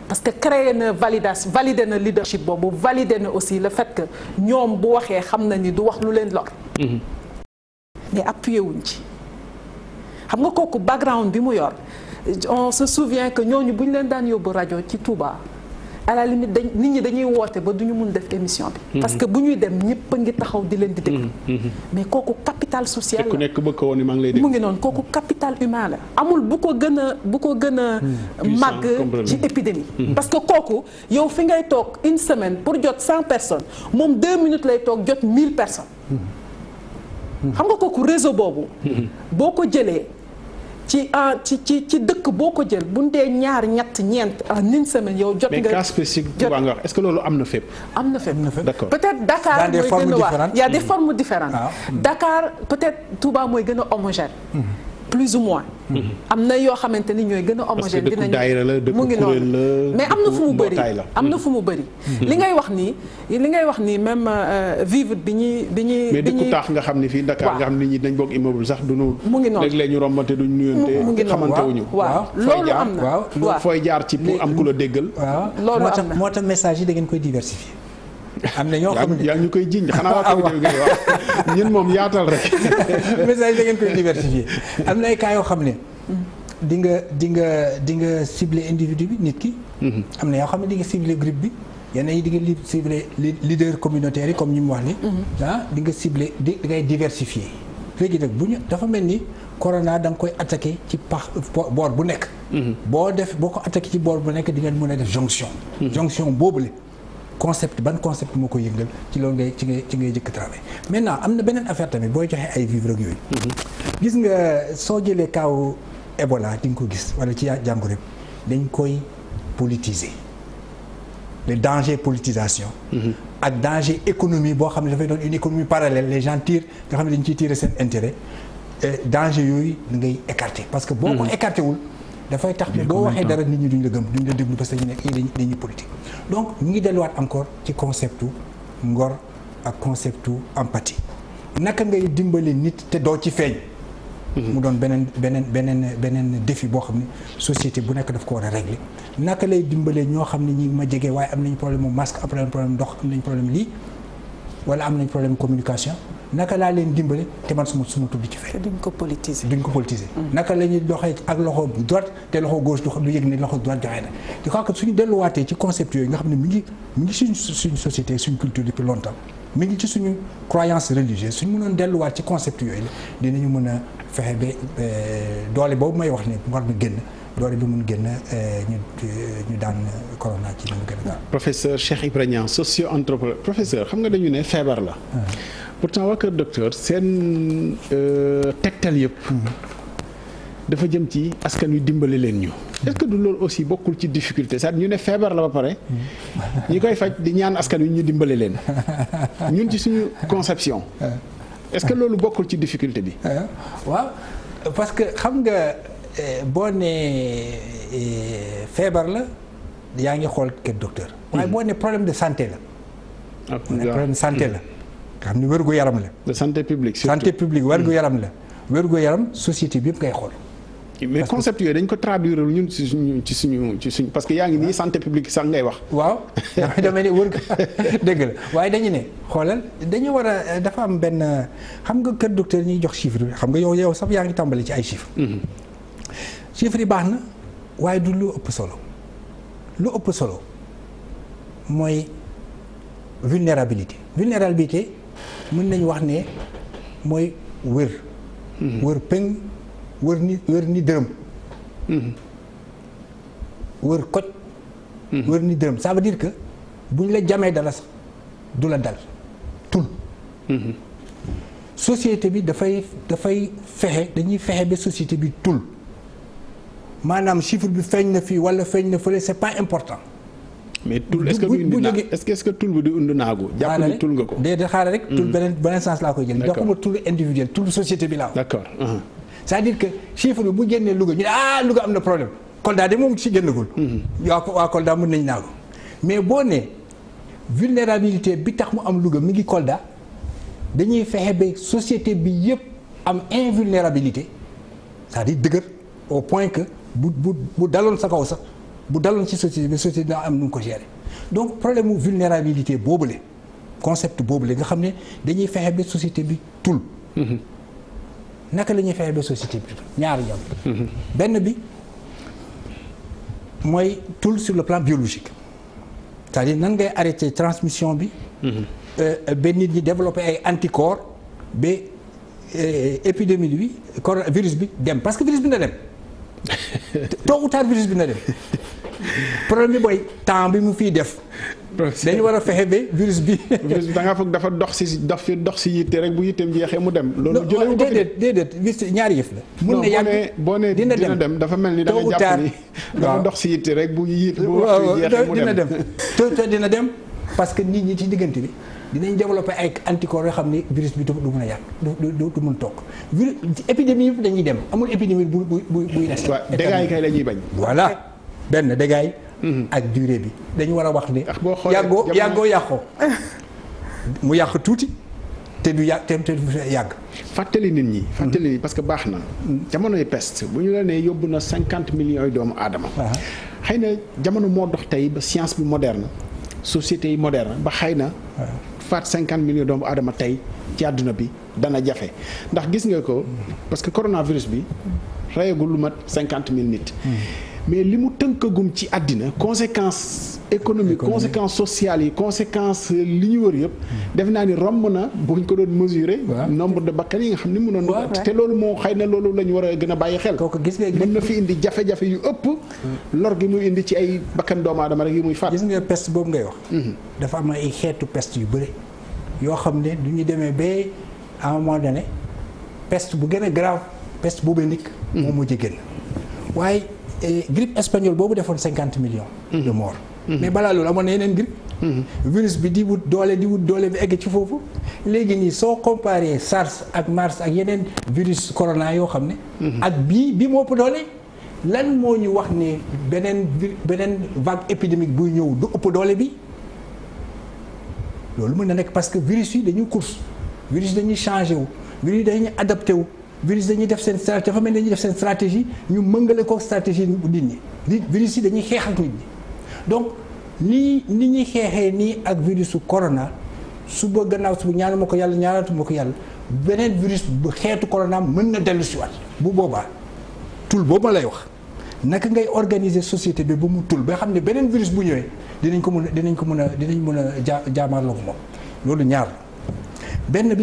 B: parce que créer na validation valide na leadership boobu valide na aussi la fait que ñoom bu waxee xam na ni du wax lu leen lor. Mhm. mais appuyé wuñ ci. xam nga kooku background bi mu yor on se souvient que ñooñu bu ñu leen daan yóbbu rajo ci Touba. à la dañ nit ñi dañuy woote ba du ñu mun def émission bi. Mm-hmm. parce que bu ñuy dem ñëpp a ngi taxaw di leen di déglu. Mm-hmm. Mm-hmm. mais kooku capital social la ku nekk bëgg ko woon maa ngi lay déglu mu ngi kooku capital humain la amul bu ko gën a bu ko gën a. Mm. màgg ci épidémie. parce que kooku yow fi ngay toog une semaine pour jot cent personnes moom deux minutes lay toog jot mille personnes. xam nga kooku réseau boobu. boo ko jëlee. ci ah, ci ci ci dëkk boo ko jël bu dee ñaar ñett ñeent en ah, une semaine yow. jot nga mais cas spécifique Touba nga wax est-ce que loolu am na fépp. am na fépp d'accord peut-être Dakar mooy gën a wax y a des formes hmm. différentes. Ah, hmm. Dakar peut-être Touba mooy gën a homogène. Hmm. plus ou moins. Mm-hmm. am na yoo xamante ni ñooy gën a homogène. dinañu mu ngi noonu mais am na fu mu bëri am na fu mu bëri. li ngay wax nii li ngay wax nii même euh, vivre bi ñuy bi ñuy. mais dëkku taax
A: nga xam ni fii Dakar nga xam ni ñi dañ bokk immeuble sax du ñu. mu ngi noonu léeg-léeg ñu rombante duñ nuyonte. xamante wuñu waaw loolu am na fooy jaar ci pour am ku la déggal. loolu am na moo tax message yi da ngeen koy diversifier. am na ñoo xam ne ñu koy jiñ xanaa waa waaw ah, ñun moom yaatal rek.
C: message da koy diversifier am na ay yoo xam ne. di nga di nga di nga cibler individu bi nit ki. Mhm. am na yoo xam ne di nga cibler bi. yenn yi di nga cibler leader communautaire yi comme ñu mu wax ni mhm. ah di nga cibler di ngay diversifier. léegi nag bu ñu dafa mel ni corona da nga koy attaqué ci pax boor bu nekk. Mhm. boo def boo ko attaqué ci boor bu nekk di nga mën a def jonction. jonction boobule. concept ban concept moo ko yëngal ci loolu ngay ci ngay ci ngay jëkk travail maintenant am na beneen affaire tamit booy joxe ay vivre yooyu mhm. gis nga soo jëlee kaaw ébola di nga ko gis wala ci jàngoro bi dañ koy politiser le danger politisation mhm. ak danger économie boo xam ne dafay doon une économie parallèle les gens tirent nga xam ne dañ ciy tirer seen intérêt euh, danger yooyu da ngay écarter parce que boo ko mhm. écarté wul dafay tax boo waxee dara nit ñi duñ la gëm duñ la déglu donc ñu ngi delluwaat encore ci conceptu ngor ak conceptu empathie naka ngay dimbali nit te doo ci feeñ mhm. mu doon beneen beneen beneen beneen défi boo xam ne société bu nekk daf ko war a régler naka lay dimbalee ñoo xam ne ñi ma jege waaye am nañu problème mu masque am nañu problème ndox am nañu problème lii wala am nañu problème communication naka laa leen dimbale te man suma suma tudd ci fee. duñ ko politiser mm. naka la ñuy doxee ak loxo droite te loxo gauche du du yëg ne loxo droite joxe na. je crois que suñu delluwaatee ci concept yooyu ne mi suñ suñ société suñ culture depuis longtemps mi ngi ci suñu croyance religieuse suñu mënoon delluwaat ci concept yooyu la dinañu mën a fexe ba doole boobu may wax ne war na génn. doole bi mun génn eh, ñu ñu daan corona ci li mu gën
A: a professeur Cheikh Ibrahima socio xam nga dañu ne feebar la. Ah. pourtant waa Kër Docteur seen euh, tegtal yëpp. dafa jëm ci askan wi dimbali leen ñu. est du loolu aussi bokkul ci difficulté c'est-à-dire ñu ne feebar la ba pare. ñi koy faj di ñaan askan wi ñu dimbali leen ñun ci suñu conception. est-ce que loolu bokkul ci
C: difficulté bi. Euh, waaw parce que xam nga euh, boo nee feebar la yaa ngi xool Kër Docteur. Hmm. waaye boo ne problème de santé la. Ah, problème de santé hmm. la. nga xam ne wérgu yaram la. santé publique surtout santé publique mm. wérgu
A: yaram la. wérgu yaram société bi yëpp ngay xool. mais concept yooyu dañ ko traduire ñun ci suñu ci suñu ci parce que yaa ngi nii ah. santé publique sax ngay wax. waaw damay damay ne wër dëgg la waaye dañu ne
C: xoolal dañu war a dafa am benn xam nga kër docteur ñuy jox chiffre bi xam nga yow yow sax yaa ngi tàmbali ci ay chiffres. Mm-hmm. chiffres yi baax na waaye du lu ëpp solo lu ëpp solo mooy vulnérabilité vulnérabilité. mën nañ wax ne mooy wër mhm. wër pëng wër ni wër dërëm mhm. wër koj mhm. wër ni dërëm ça veut dire que bu ñu la jamee dala sax du la dal tul société bi dafay dafay fexe dañuy fexe ba société bi tul maanaam chiffre bi feeñ na fii walla feeñ na fële c'est pas important
A: mais tul est-ce que du indi est-ce que tul bu du indi naagu. jàpp ni tul nga ko déedéet xaaral rek. tul mm. beneen
C: beneen sens laa koy jël. d'accord doxuma tul individuel tul société bi laa. d'accord mm. cest à que chiffre bi bu génnee Louga ñu ne ah Louga am na problème Kolda de moom ci génnagul. Mm. waa waa Kolda mën nañ naagu mais boo nee vulnérabilité bi tax mu am Louga mi ngi Kolda dañuy fexe ba société bi yëpp am invulnérabilité c'est-à-dire dëgër au point que bu bu bu daloon sa kaw sax. bu daloon ci société bi société dina am nu mu ko gérer donc problème mu vulnérabilité boobule concept boobule nga xam ne dañuy fexe ba société bi tul mm-hmm. naka la ñuy fexe ba société bi ñaar ñoom mm-hmm. benn bi mooy tul sur le plan biologique cest à nan ngay arreté transmission bi mm-hmm. euh, ba nit ñi développer ay anticorps ba euh, épidémie bi coronavirus bi dem parce que virus bi na dem tôt ou tard virus
A: bi na dem problème bi mooy temps bi mu fi def. dañu war a fexe ba virus bi. virus bi da ngaa dafa dox si dox si dox si yitte rek bu yitteem jeexee mu dem. loolu jëlee ko fi déedéet déedéet virus ñaari yëf la. mun na yàgg dina dem dafa mel ni da nga jàpp ni dafa dox si yitte rek bu yitte bu waxtu jeexee mu dina dem
C: te te dina dem parce que nit ñi ci diggante bi. dinañ développé ay anticorps yoo xam ni virus bi du mën a yàq du du du mën toog virus épidémie yëpp dañuy dem amul épidémie bu bu buy buy. des dégâts la ñuy bañ. benn dégâts yi mhm. ak durée bi dañu war a wax ni yàggoo yàggoo yàqoo
A: mu yàq tuuti te du yàgg yàgg. fàttali nit ñi. fàttali parce que baax na. Mhm. jamonoy pest bu ñu la yóbbu na cinquante millions yu doomu aadama. xëy na jamono moo dox tey ba science bi moderne. société yi moderne ba xëy na. faat cinquante millions doomu aadama tey ci àdduna bi dana jafe ndax gis nga ko mhm. parce que coronavirus bi reyagul lu cinquante mille nit. mais li mu tënkagum ci àddina conséquence économique conséquence sociale yi conséquence li ñu wër yëpp def naa ni romb na buñ ko doon mesurer nombre de bakkan yi nga xam ne mënoon na te loolu moo xëy na loolu la ñu war a gën a bàyyi xel mën na fi indi jafe-jafe yu ëpp mm. lor gi muy indi ci ay bakkan doomu aadama rek yi muy faat gis nga peste boobu ngay wax
C: mm-hmm. dafa am ay xeetu pest yu bëri yoo xam ne du ñu demee ba à un moment donné peste bu gën a grave peste bubonique moom moo ci mm-hmm. grippe espagnole boobu defoon cinquante million mhm. de morts. Mhm. mais balaa loolu amoon na yeneen grippe. Mhm. virus bi di wut doole di wut doole bi egg ci foofu. léegi nii soo comparé SARS ak MARS ak yeneen virus corona yoo xam ne. ak bii bi moo ëpp doole. lan moo ñu wax ni beneen beneen vague épidémique buy ñëw du ëpp doole bi loolu mën na nekk parce que virus yi dañu course virus yi dañuy changé wu virus yi dañuy adapté wu. virus dañuy def seen stratégie dafa mel ni dañuy def seen stratégie ñu mëngale ko bu nit ñi nit virus yi dañuy xeex ak nit ñi donc nii ni ñuy xeexee nii ak virusu corona suba gannaaw suba ma ko yàlla ñaanatuma ko yàlla beneen virus bu xeetu corona mën na dellu siwaat bu boobaa tul boobu lay wax naka ngay organiser société bi ba mu tul ba xam ne beneen virus bu ñëwee dinañ ko mën a dinañ ko mën a dinañ mën a jaa jaamaarloo moom loolu ñaar benn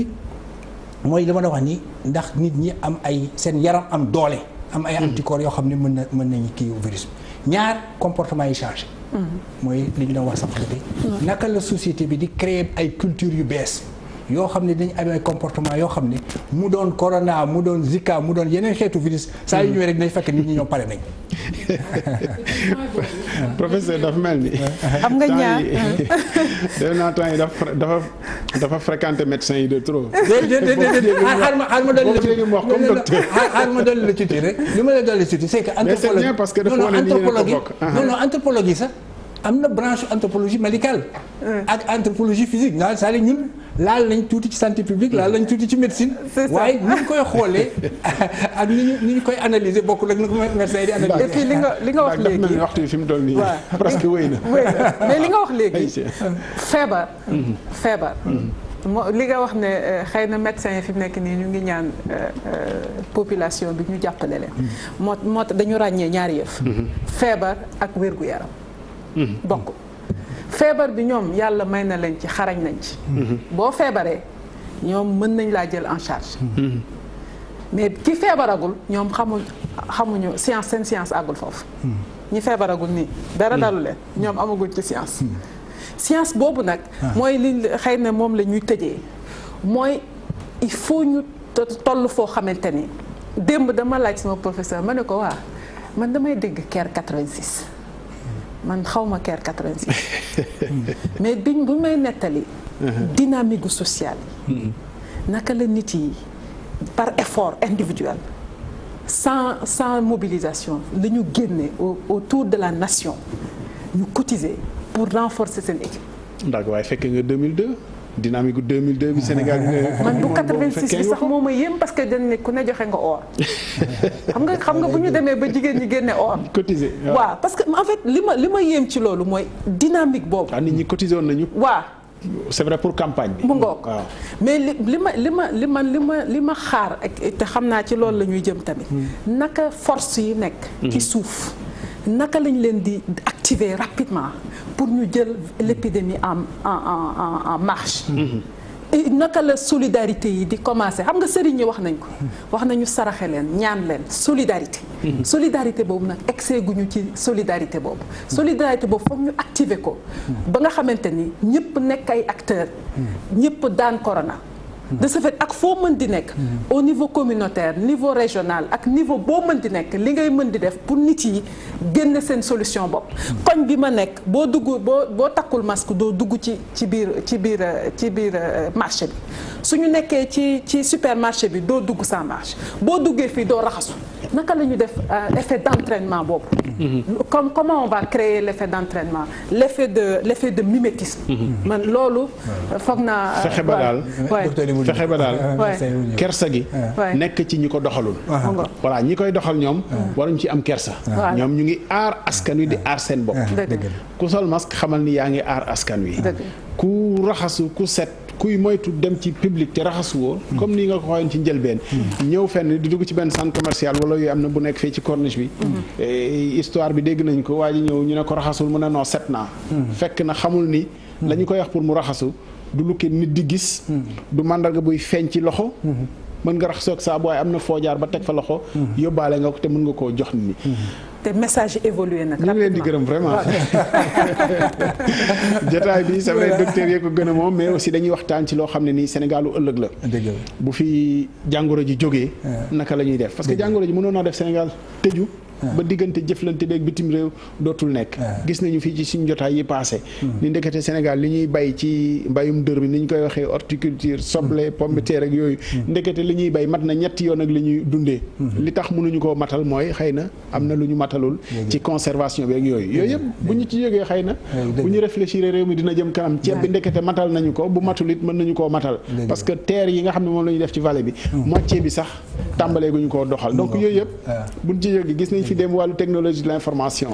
C: mooy li ma la wax ni ndax nit ñi am ay seen yaram am doole. am ay hmm. anticorps yoo xam ne mën na mën nañu kii virus bi ñaar comportement yi changé. Hmm. mooy li ñu doon wax sànq bi. Hmm. naka la société bi di créer ay culture yu bees. yoo xam ne dañu amee comportement yoo xam ni mu doon corona mu doon zika mu doon yeneen xeetu virus saa yu ñëwee rek dañ fekk nit ñu ñoo pare nañ
A: professeur dafa mel ni. am nga ñaar def naa temps yi dafa dafa dafa fréquenter médecin yi de trop. déedéet ah, xaar ma xaar ma dolli la ci ah, rek li ma la dolli ci tuuti c'est que. anthropologue mais c'est parce que dafa wane ni yéen a ko bokk non non
C: anthropologue yi sax am na branche anthropologie médicale. Ah. ak anthropologie physique nga xam ne ñun. laal nañ tuuti ci santé publique laal nañ tuuti ci médecine. waaye ni ñu koy xoolee ak ni ñu ni ñu koy analyser bokk ak ni ko médecin yi di analyser. et puis li nga li nga wax
B: léegi waaw waxtu
A: fi mu toll nii. presque wéy na. mais li nga wax léegi. feebar. Mhm.
B: feebar. Mhm. moo li nga wax ne euh, xëy na médecin yi fi mu nekk nii ñu ngi ñaan euh, euh, population bi ñu jàppale leen. Mhm. moo moo dañu ràññee ñaari yëf. feebar ak wér-gu-yaram. bokk. feebar bi ñoom yàlla may na leen ci xarañ nañ ci. Mhm. boo feebaree ñoom mën nañ laa jël en charge. Mhm. mais ki feebaragul ñoom xamuñ xamuñu science seen science àggul foofu. Mhm. ñi feebaragul nii dara dalu leen ñoom amaguñ ci science. science boobu nag. Ah. mooy li xëy na moom la ñuy tëjee mooy il faut ñu toll foo xamante ni démb dama laaj sama professeur ma ne ko waa man damay dégg Caire 86. man xaw ma ker 86 mais biñ bu may nettali. dynamique gu yi. Mhm. naka la nit yi par effort individuel sans sans mobilisation la ñu génne autour de la nation ñu cotiser pour renforcer seen équipe.
A: ndax waaye fekkee nga 2002. dynamique gu 2002 bi Sénégal. man bu 86 sax
B: moo ma yéem parce que dañ ne ku ne joxe nga or. xam nga xam nga bu ñu demee ba jigéen ñi génne or. cotiser parce que en fait li ma li ma yéem ci loolu mooy dynamique boobu. ah nit ñi cotiser woon nañu. waa c'est vrai pour campagne bi. mu ngoog mais li ma li ma li ma li ma li ma xaar ak te xam naa ci loolu la ñuy jëm tamit. Hmm. naka force yi nekk. Hmm. ci suuf. naka lañ leen di activer rapidement pour ñu jël l'épidémie en en en en marche. Mm-hmm. naka la solidarité yi di commencer xam nga sëriñ ñi wax nañ ko. wax nañu saraxe leen ñaan leen solidarité. Mm-hmm. solidarité boobu nag excès guñu ci solidarité boobu. Mm-hmm. solidarité boobu foog ñu activer ko. ba nga xamante ni ñëpp nekk ay acteurs. ñëpp daan corona. de ce fait ak foo mën di nekk au niveau communautaire niveau régional ak niveau boo mën di nekk li ngay mën di def pour nit yi génn seen solution bopp koñ bi ma nekk boo dugg boo boo takkul masque doo dugg ci ci biir ci biir ci biir euh, marché bi su ñu nekkee ci ci supermarché bi doo dugg sans marche boo duggee fii doo raxasu naka lañu def euh, effet d'entraînement boobu mm-hmm. comme comment on va créer l'effet d'entraînement l'effet de l'effet de mimétisme mm-hmm. man loolu foog naa euh, fexe ba daal fexe ba daal kersa gi
A: nekk ci ñi ko doxalul voilà ñi koy doxal ñoom waruñ ci am kersa ñoom ñu ngi aar askan wi di aar seen bopp ku sol masque xamal ni yaa ngi aar askan wi ku raxasu ku set kuy moytu dem ci public te raxasu comme nii nga ko waxoon ci njëlbeen ñëw fenn di dugg ci benn centre commercial wala yu am na bu nekk fee ci corniche bi eh, histoire bi dégg nañ ko waa ji ñëw ñu ne ko raxasul mu ne non set naa fekk na xamul ni la koy wax pour mu raxasu du lu nit di gis du màndarga buy feeñ ci loxo mën nga raxasoog saabu waaye am na foojaar ba teg fa loxo yóbbaale nga ko te mun nga koo jox nit ñi te message évolué nag. ñu leen
B: di gërëm vraiment
A: jotaay bi c'est vrai docteur yee ko gën a moom mais aussi dañuy waxtaan ci loo xam ne nii Sénégalu ëllëg la. bu fi jàngoro ji jógee. naka la ñuy def parce que jàngoro ji mënoon naa def Sénégal tëju. ba diggante jëflante beeg bitim réew dootul nekk ah. gis nañu fii ci suñ jotaay yi passé hmm. ni ndekete Sénégal li ñuy bay ci mbayum dër bi ni ñu koy waxee horticulture hmm. soble hmm. pomme de terre ak yooyu ndekete li ñuy bay mat na ñetti yoon ak li ñuy dundee li tax mënuñu koo matal mooy xëy na am na lu ñu matalul ci conservation bi ak yooyu yooyu yëpp bu ñu ci yëgee xëy na bu ñu réfléchir réew mi dina jëm kanam ceeb bi ndekete matal nañu ko bu matul it mën nañu koo matal parce que terre yi nga xam ne moom la ñuy def ci vallée bi moitié bi sax tàmbalee guñu koo doxal donc yooyu yëpp ah. fi dem wàllu technologie de l'information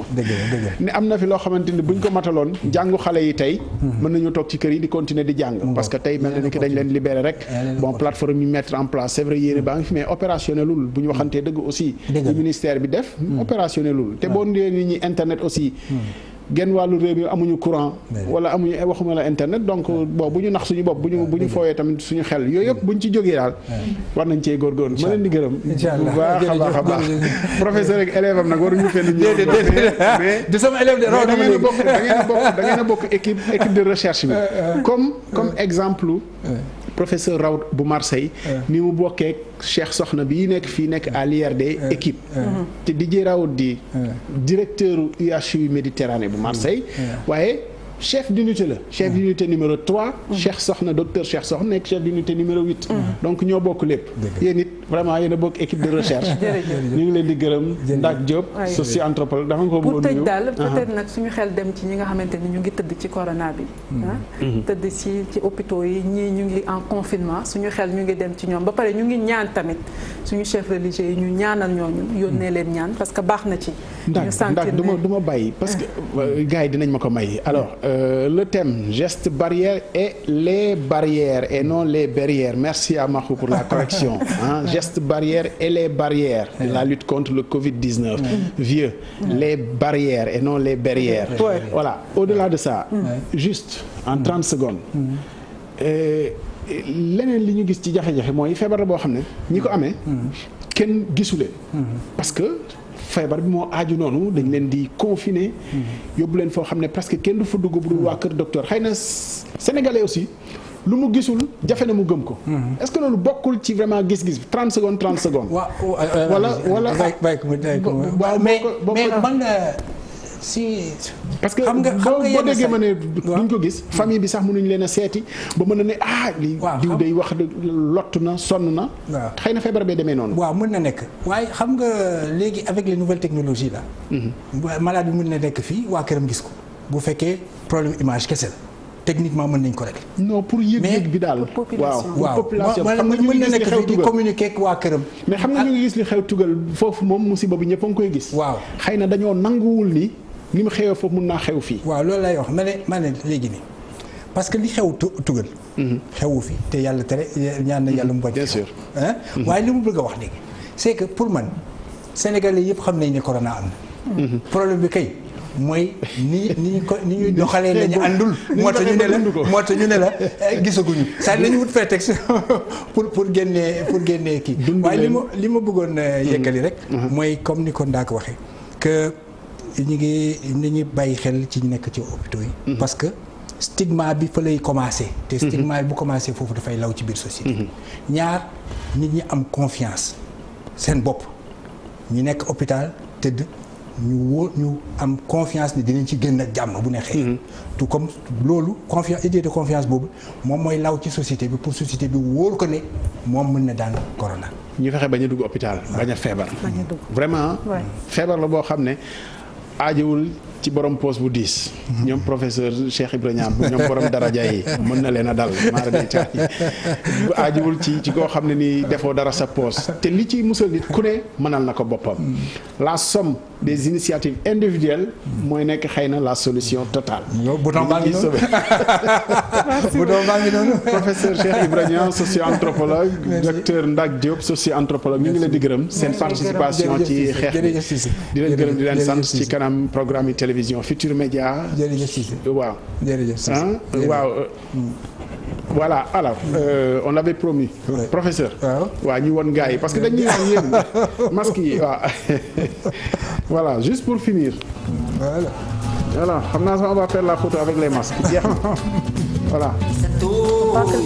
A: ne am na fi loo xamante ni buñ ko mataloon jàngu xale yi tey hmm. mën nañu toog ci kër yi di continuer di jàng parce que tey mel na ni que dañ leen libéré rek bon plateforme yi mettre en place c'est vrai baa ngi fi mais opérationnelul bu waxantee dëgg aussi ministère bi def hmm. opérationnelul te hmm. boo ndee nit ñi internet aussi genn wàllu réew mi amuñu courant wala amuñu waxuma la internet donc boobu bu ñu nax suñu bopp bu ñu bu ñu fooyee tamit suñu xel yooyu yëpp buñ ci jógee daal war nañ cee góorgóorlu ma leen di gërëm bu baax a baax a baax professeur ak élève am nag waruñu fenn ñu
C: mais du sama élève de raw da a bokk da
A: bokk da ngeen a bokk équipe équipe de recherche bi comme comme exemple professeur Raw bu Marseille eh. ni mu bokkee Cheikh Soxna bi nekk fii nekk à l'IRD eh. équipe eh. te Didier Raoult di directeur UHU Méditerranée bu Marseille waaye chef d'unité la chef d'unité numéro 3 Cheikh Soxna docteur Cheikh Soxna nekk chef d'unité numéro 8 donc ñoo bokk lépp yéen it vraiment yéen a bokk équipe de recherche ñu ngi leen di gërëm Ndak Diop socio anthropologue da nga ko bëggoon nuyu pour tëj daal peut-être
B: nag suñu xel dem ci ñi nga xamante ni ñu ngi tëdd ci corona bi hmm. Ah. Hmm. tëdd ci ci hôpitaux yi ñii ñu ngi en confinement suñu xel ñu ngi dem ci ñoom ba pare ñu ngi ñaan tamit suñu chef religieux yi ñu ñaanal ñooñu yónnee leen ñaan parce que baax na ci ñu sentir ndax ma
A: du ma bàyyi parce que ah. gars yi dinañ ma ko may alors euh, le thème gestes barrières et les barrières et non les barrières merci à Mahou pour la correction hein gestes barrières et les barrières de la lutte contre le Covid-19 vieux les barrières et non les barrières voilà au-delà de ça juste en trente secondes euh, leneen li ñu gis ci jafe-jafe mooy feebar la boo xam ne ñi ko amee kenn gisu parce que feebar bi moo aaju noonu dañ leen di confiner. yóbbu leen foo xam ne presque kenn du fa dugg bu dul waa kër docteur xëy na sénégalais aussi lu mu gisul jafe na mu gëm ko. Mhm. est-ce que loolu bokkul ci vraiment gis-gis trent 30 secondes 30 secondes. wala wala waaw mais mais man nga euh, si parce que xam nga xam nga boo déggee ma ne duñ ko gis famille bi sax mënuñ leen a seeti ba mën a ne ah. li diw day wax lot na son na. waaw xëy na feebar bee demee noonu. waaw mën na nekk waaye xam nga léegi avec les nouvelles technologies là. Mhm. bi
C: mën na nekk fii waa këram gis ko bu fekkee problème image kese la techniquement mën nañ ko régler.
A: non pour yëg-yëg bi daal. waaw waaw xam na nekk fii di communiquer ak waa këram. mais xam nga ah. ñu ngi gis li xew tugal foofu moom musiba bi ñëpp a koy gis. waaw xëy na dañoo nanguwul ni. ni mu xewee foofu mun naa xew fii. waaw loolu lay wax ma ne ma ne léegi nii parce que li xew
C: tugal. Mhm. xewu fi te yàlla tere ñaan na yàlla mu bañ. Mhm. bien sûr mhm. waaye li mu bëgg a wax léegi c'est que pour man sénégalais yëpp xam nañ ne corona am na. problème bi kay. mooy ni ni ñu ko ni ñuy doxalee lañu àndul moo tax ñu ne la moo tax ñu ne la eh, gisaguñu saa nañu wut prétexte pour pour génnee pour génnee kii waaye li ma li ma bëggoon eh, yekkali rek mooy comme ni ko ndaak waxee que ñu ngi ni ñuy bàyyi xel ci ñu nekk ci hôpitaux yi. Mhm. parce que stigma bi fa lay commencé. te mhm. stigma bu commencé foofu dafay law ci biir société. Mhm. ñaar nit ñi am confiance seen bopp ñu nekk hôpital tëdd. ñu wóor ñu am confiance ni dinañ ci gën ak jàmm bu neexee. tout comme loolu confiance idée de confiance boobu moom mooy law ci société bi pour société bi wóor ko ne moom mun na daan corona.
A: ñu fexe bañ a dugg hôpital. bañ a feebar. vraiment feebar la boo aajowul ci borom poos bu diis. ñoom professeur Cheikh Ibrahima ñoom borom daraja yi mën na leen a dal maara day bu aajuwul ci ci koo xam ne ni defoo dara sa poos te li ci musal nit ku ne mënal na ko boppam. la somme des initiatives individuelles mooy nekk xëy na la solution totale. bu bu doon baa ngi noonu. professeur Cheikh Ibrahima socio-anthropologue. docteur Ndak Diop socio-anthropologue ñu ngi leen di gërëm. seen participation ci xeex bi di gërëm di leen sant ci kanam programme télévision a Média. jërëjëf Cissé waaw. jërëjëf Cissé ah waaw. Euh, voilà alors euh, on avait promis. professeur. waaw ñu won gars parce que dañuy wax yéen masque yi waaw pour finir. voilà. voilà on va faire la photo avec les masques jeex na
B: voilà.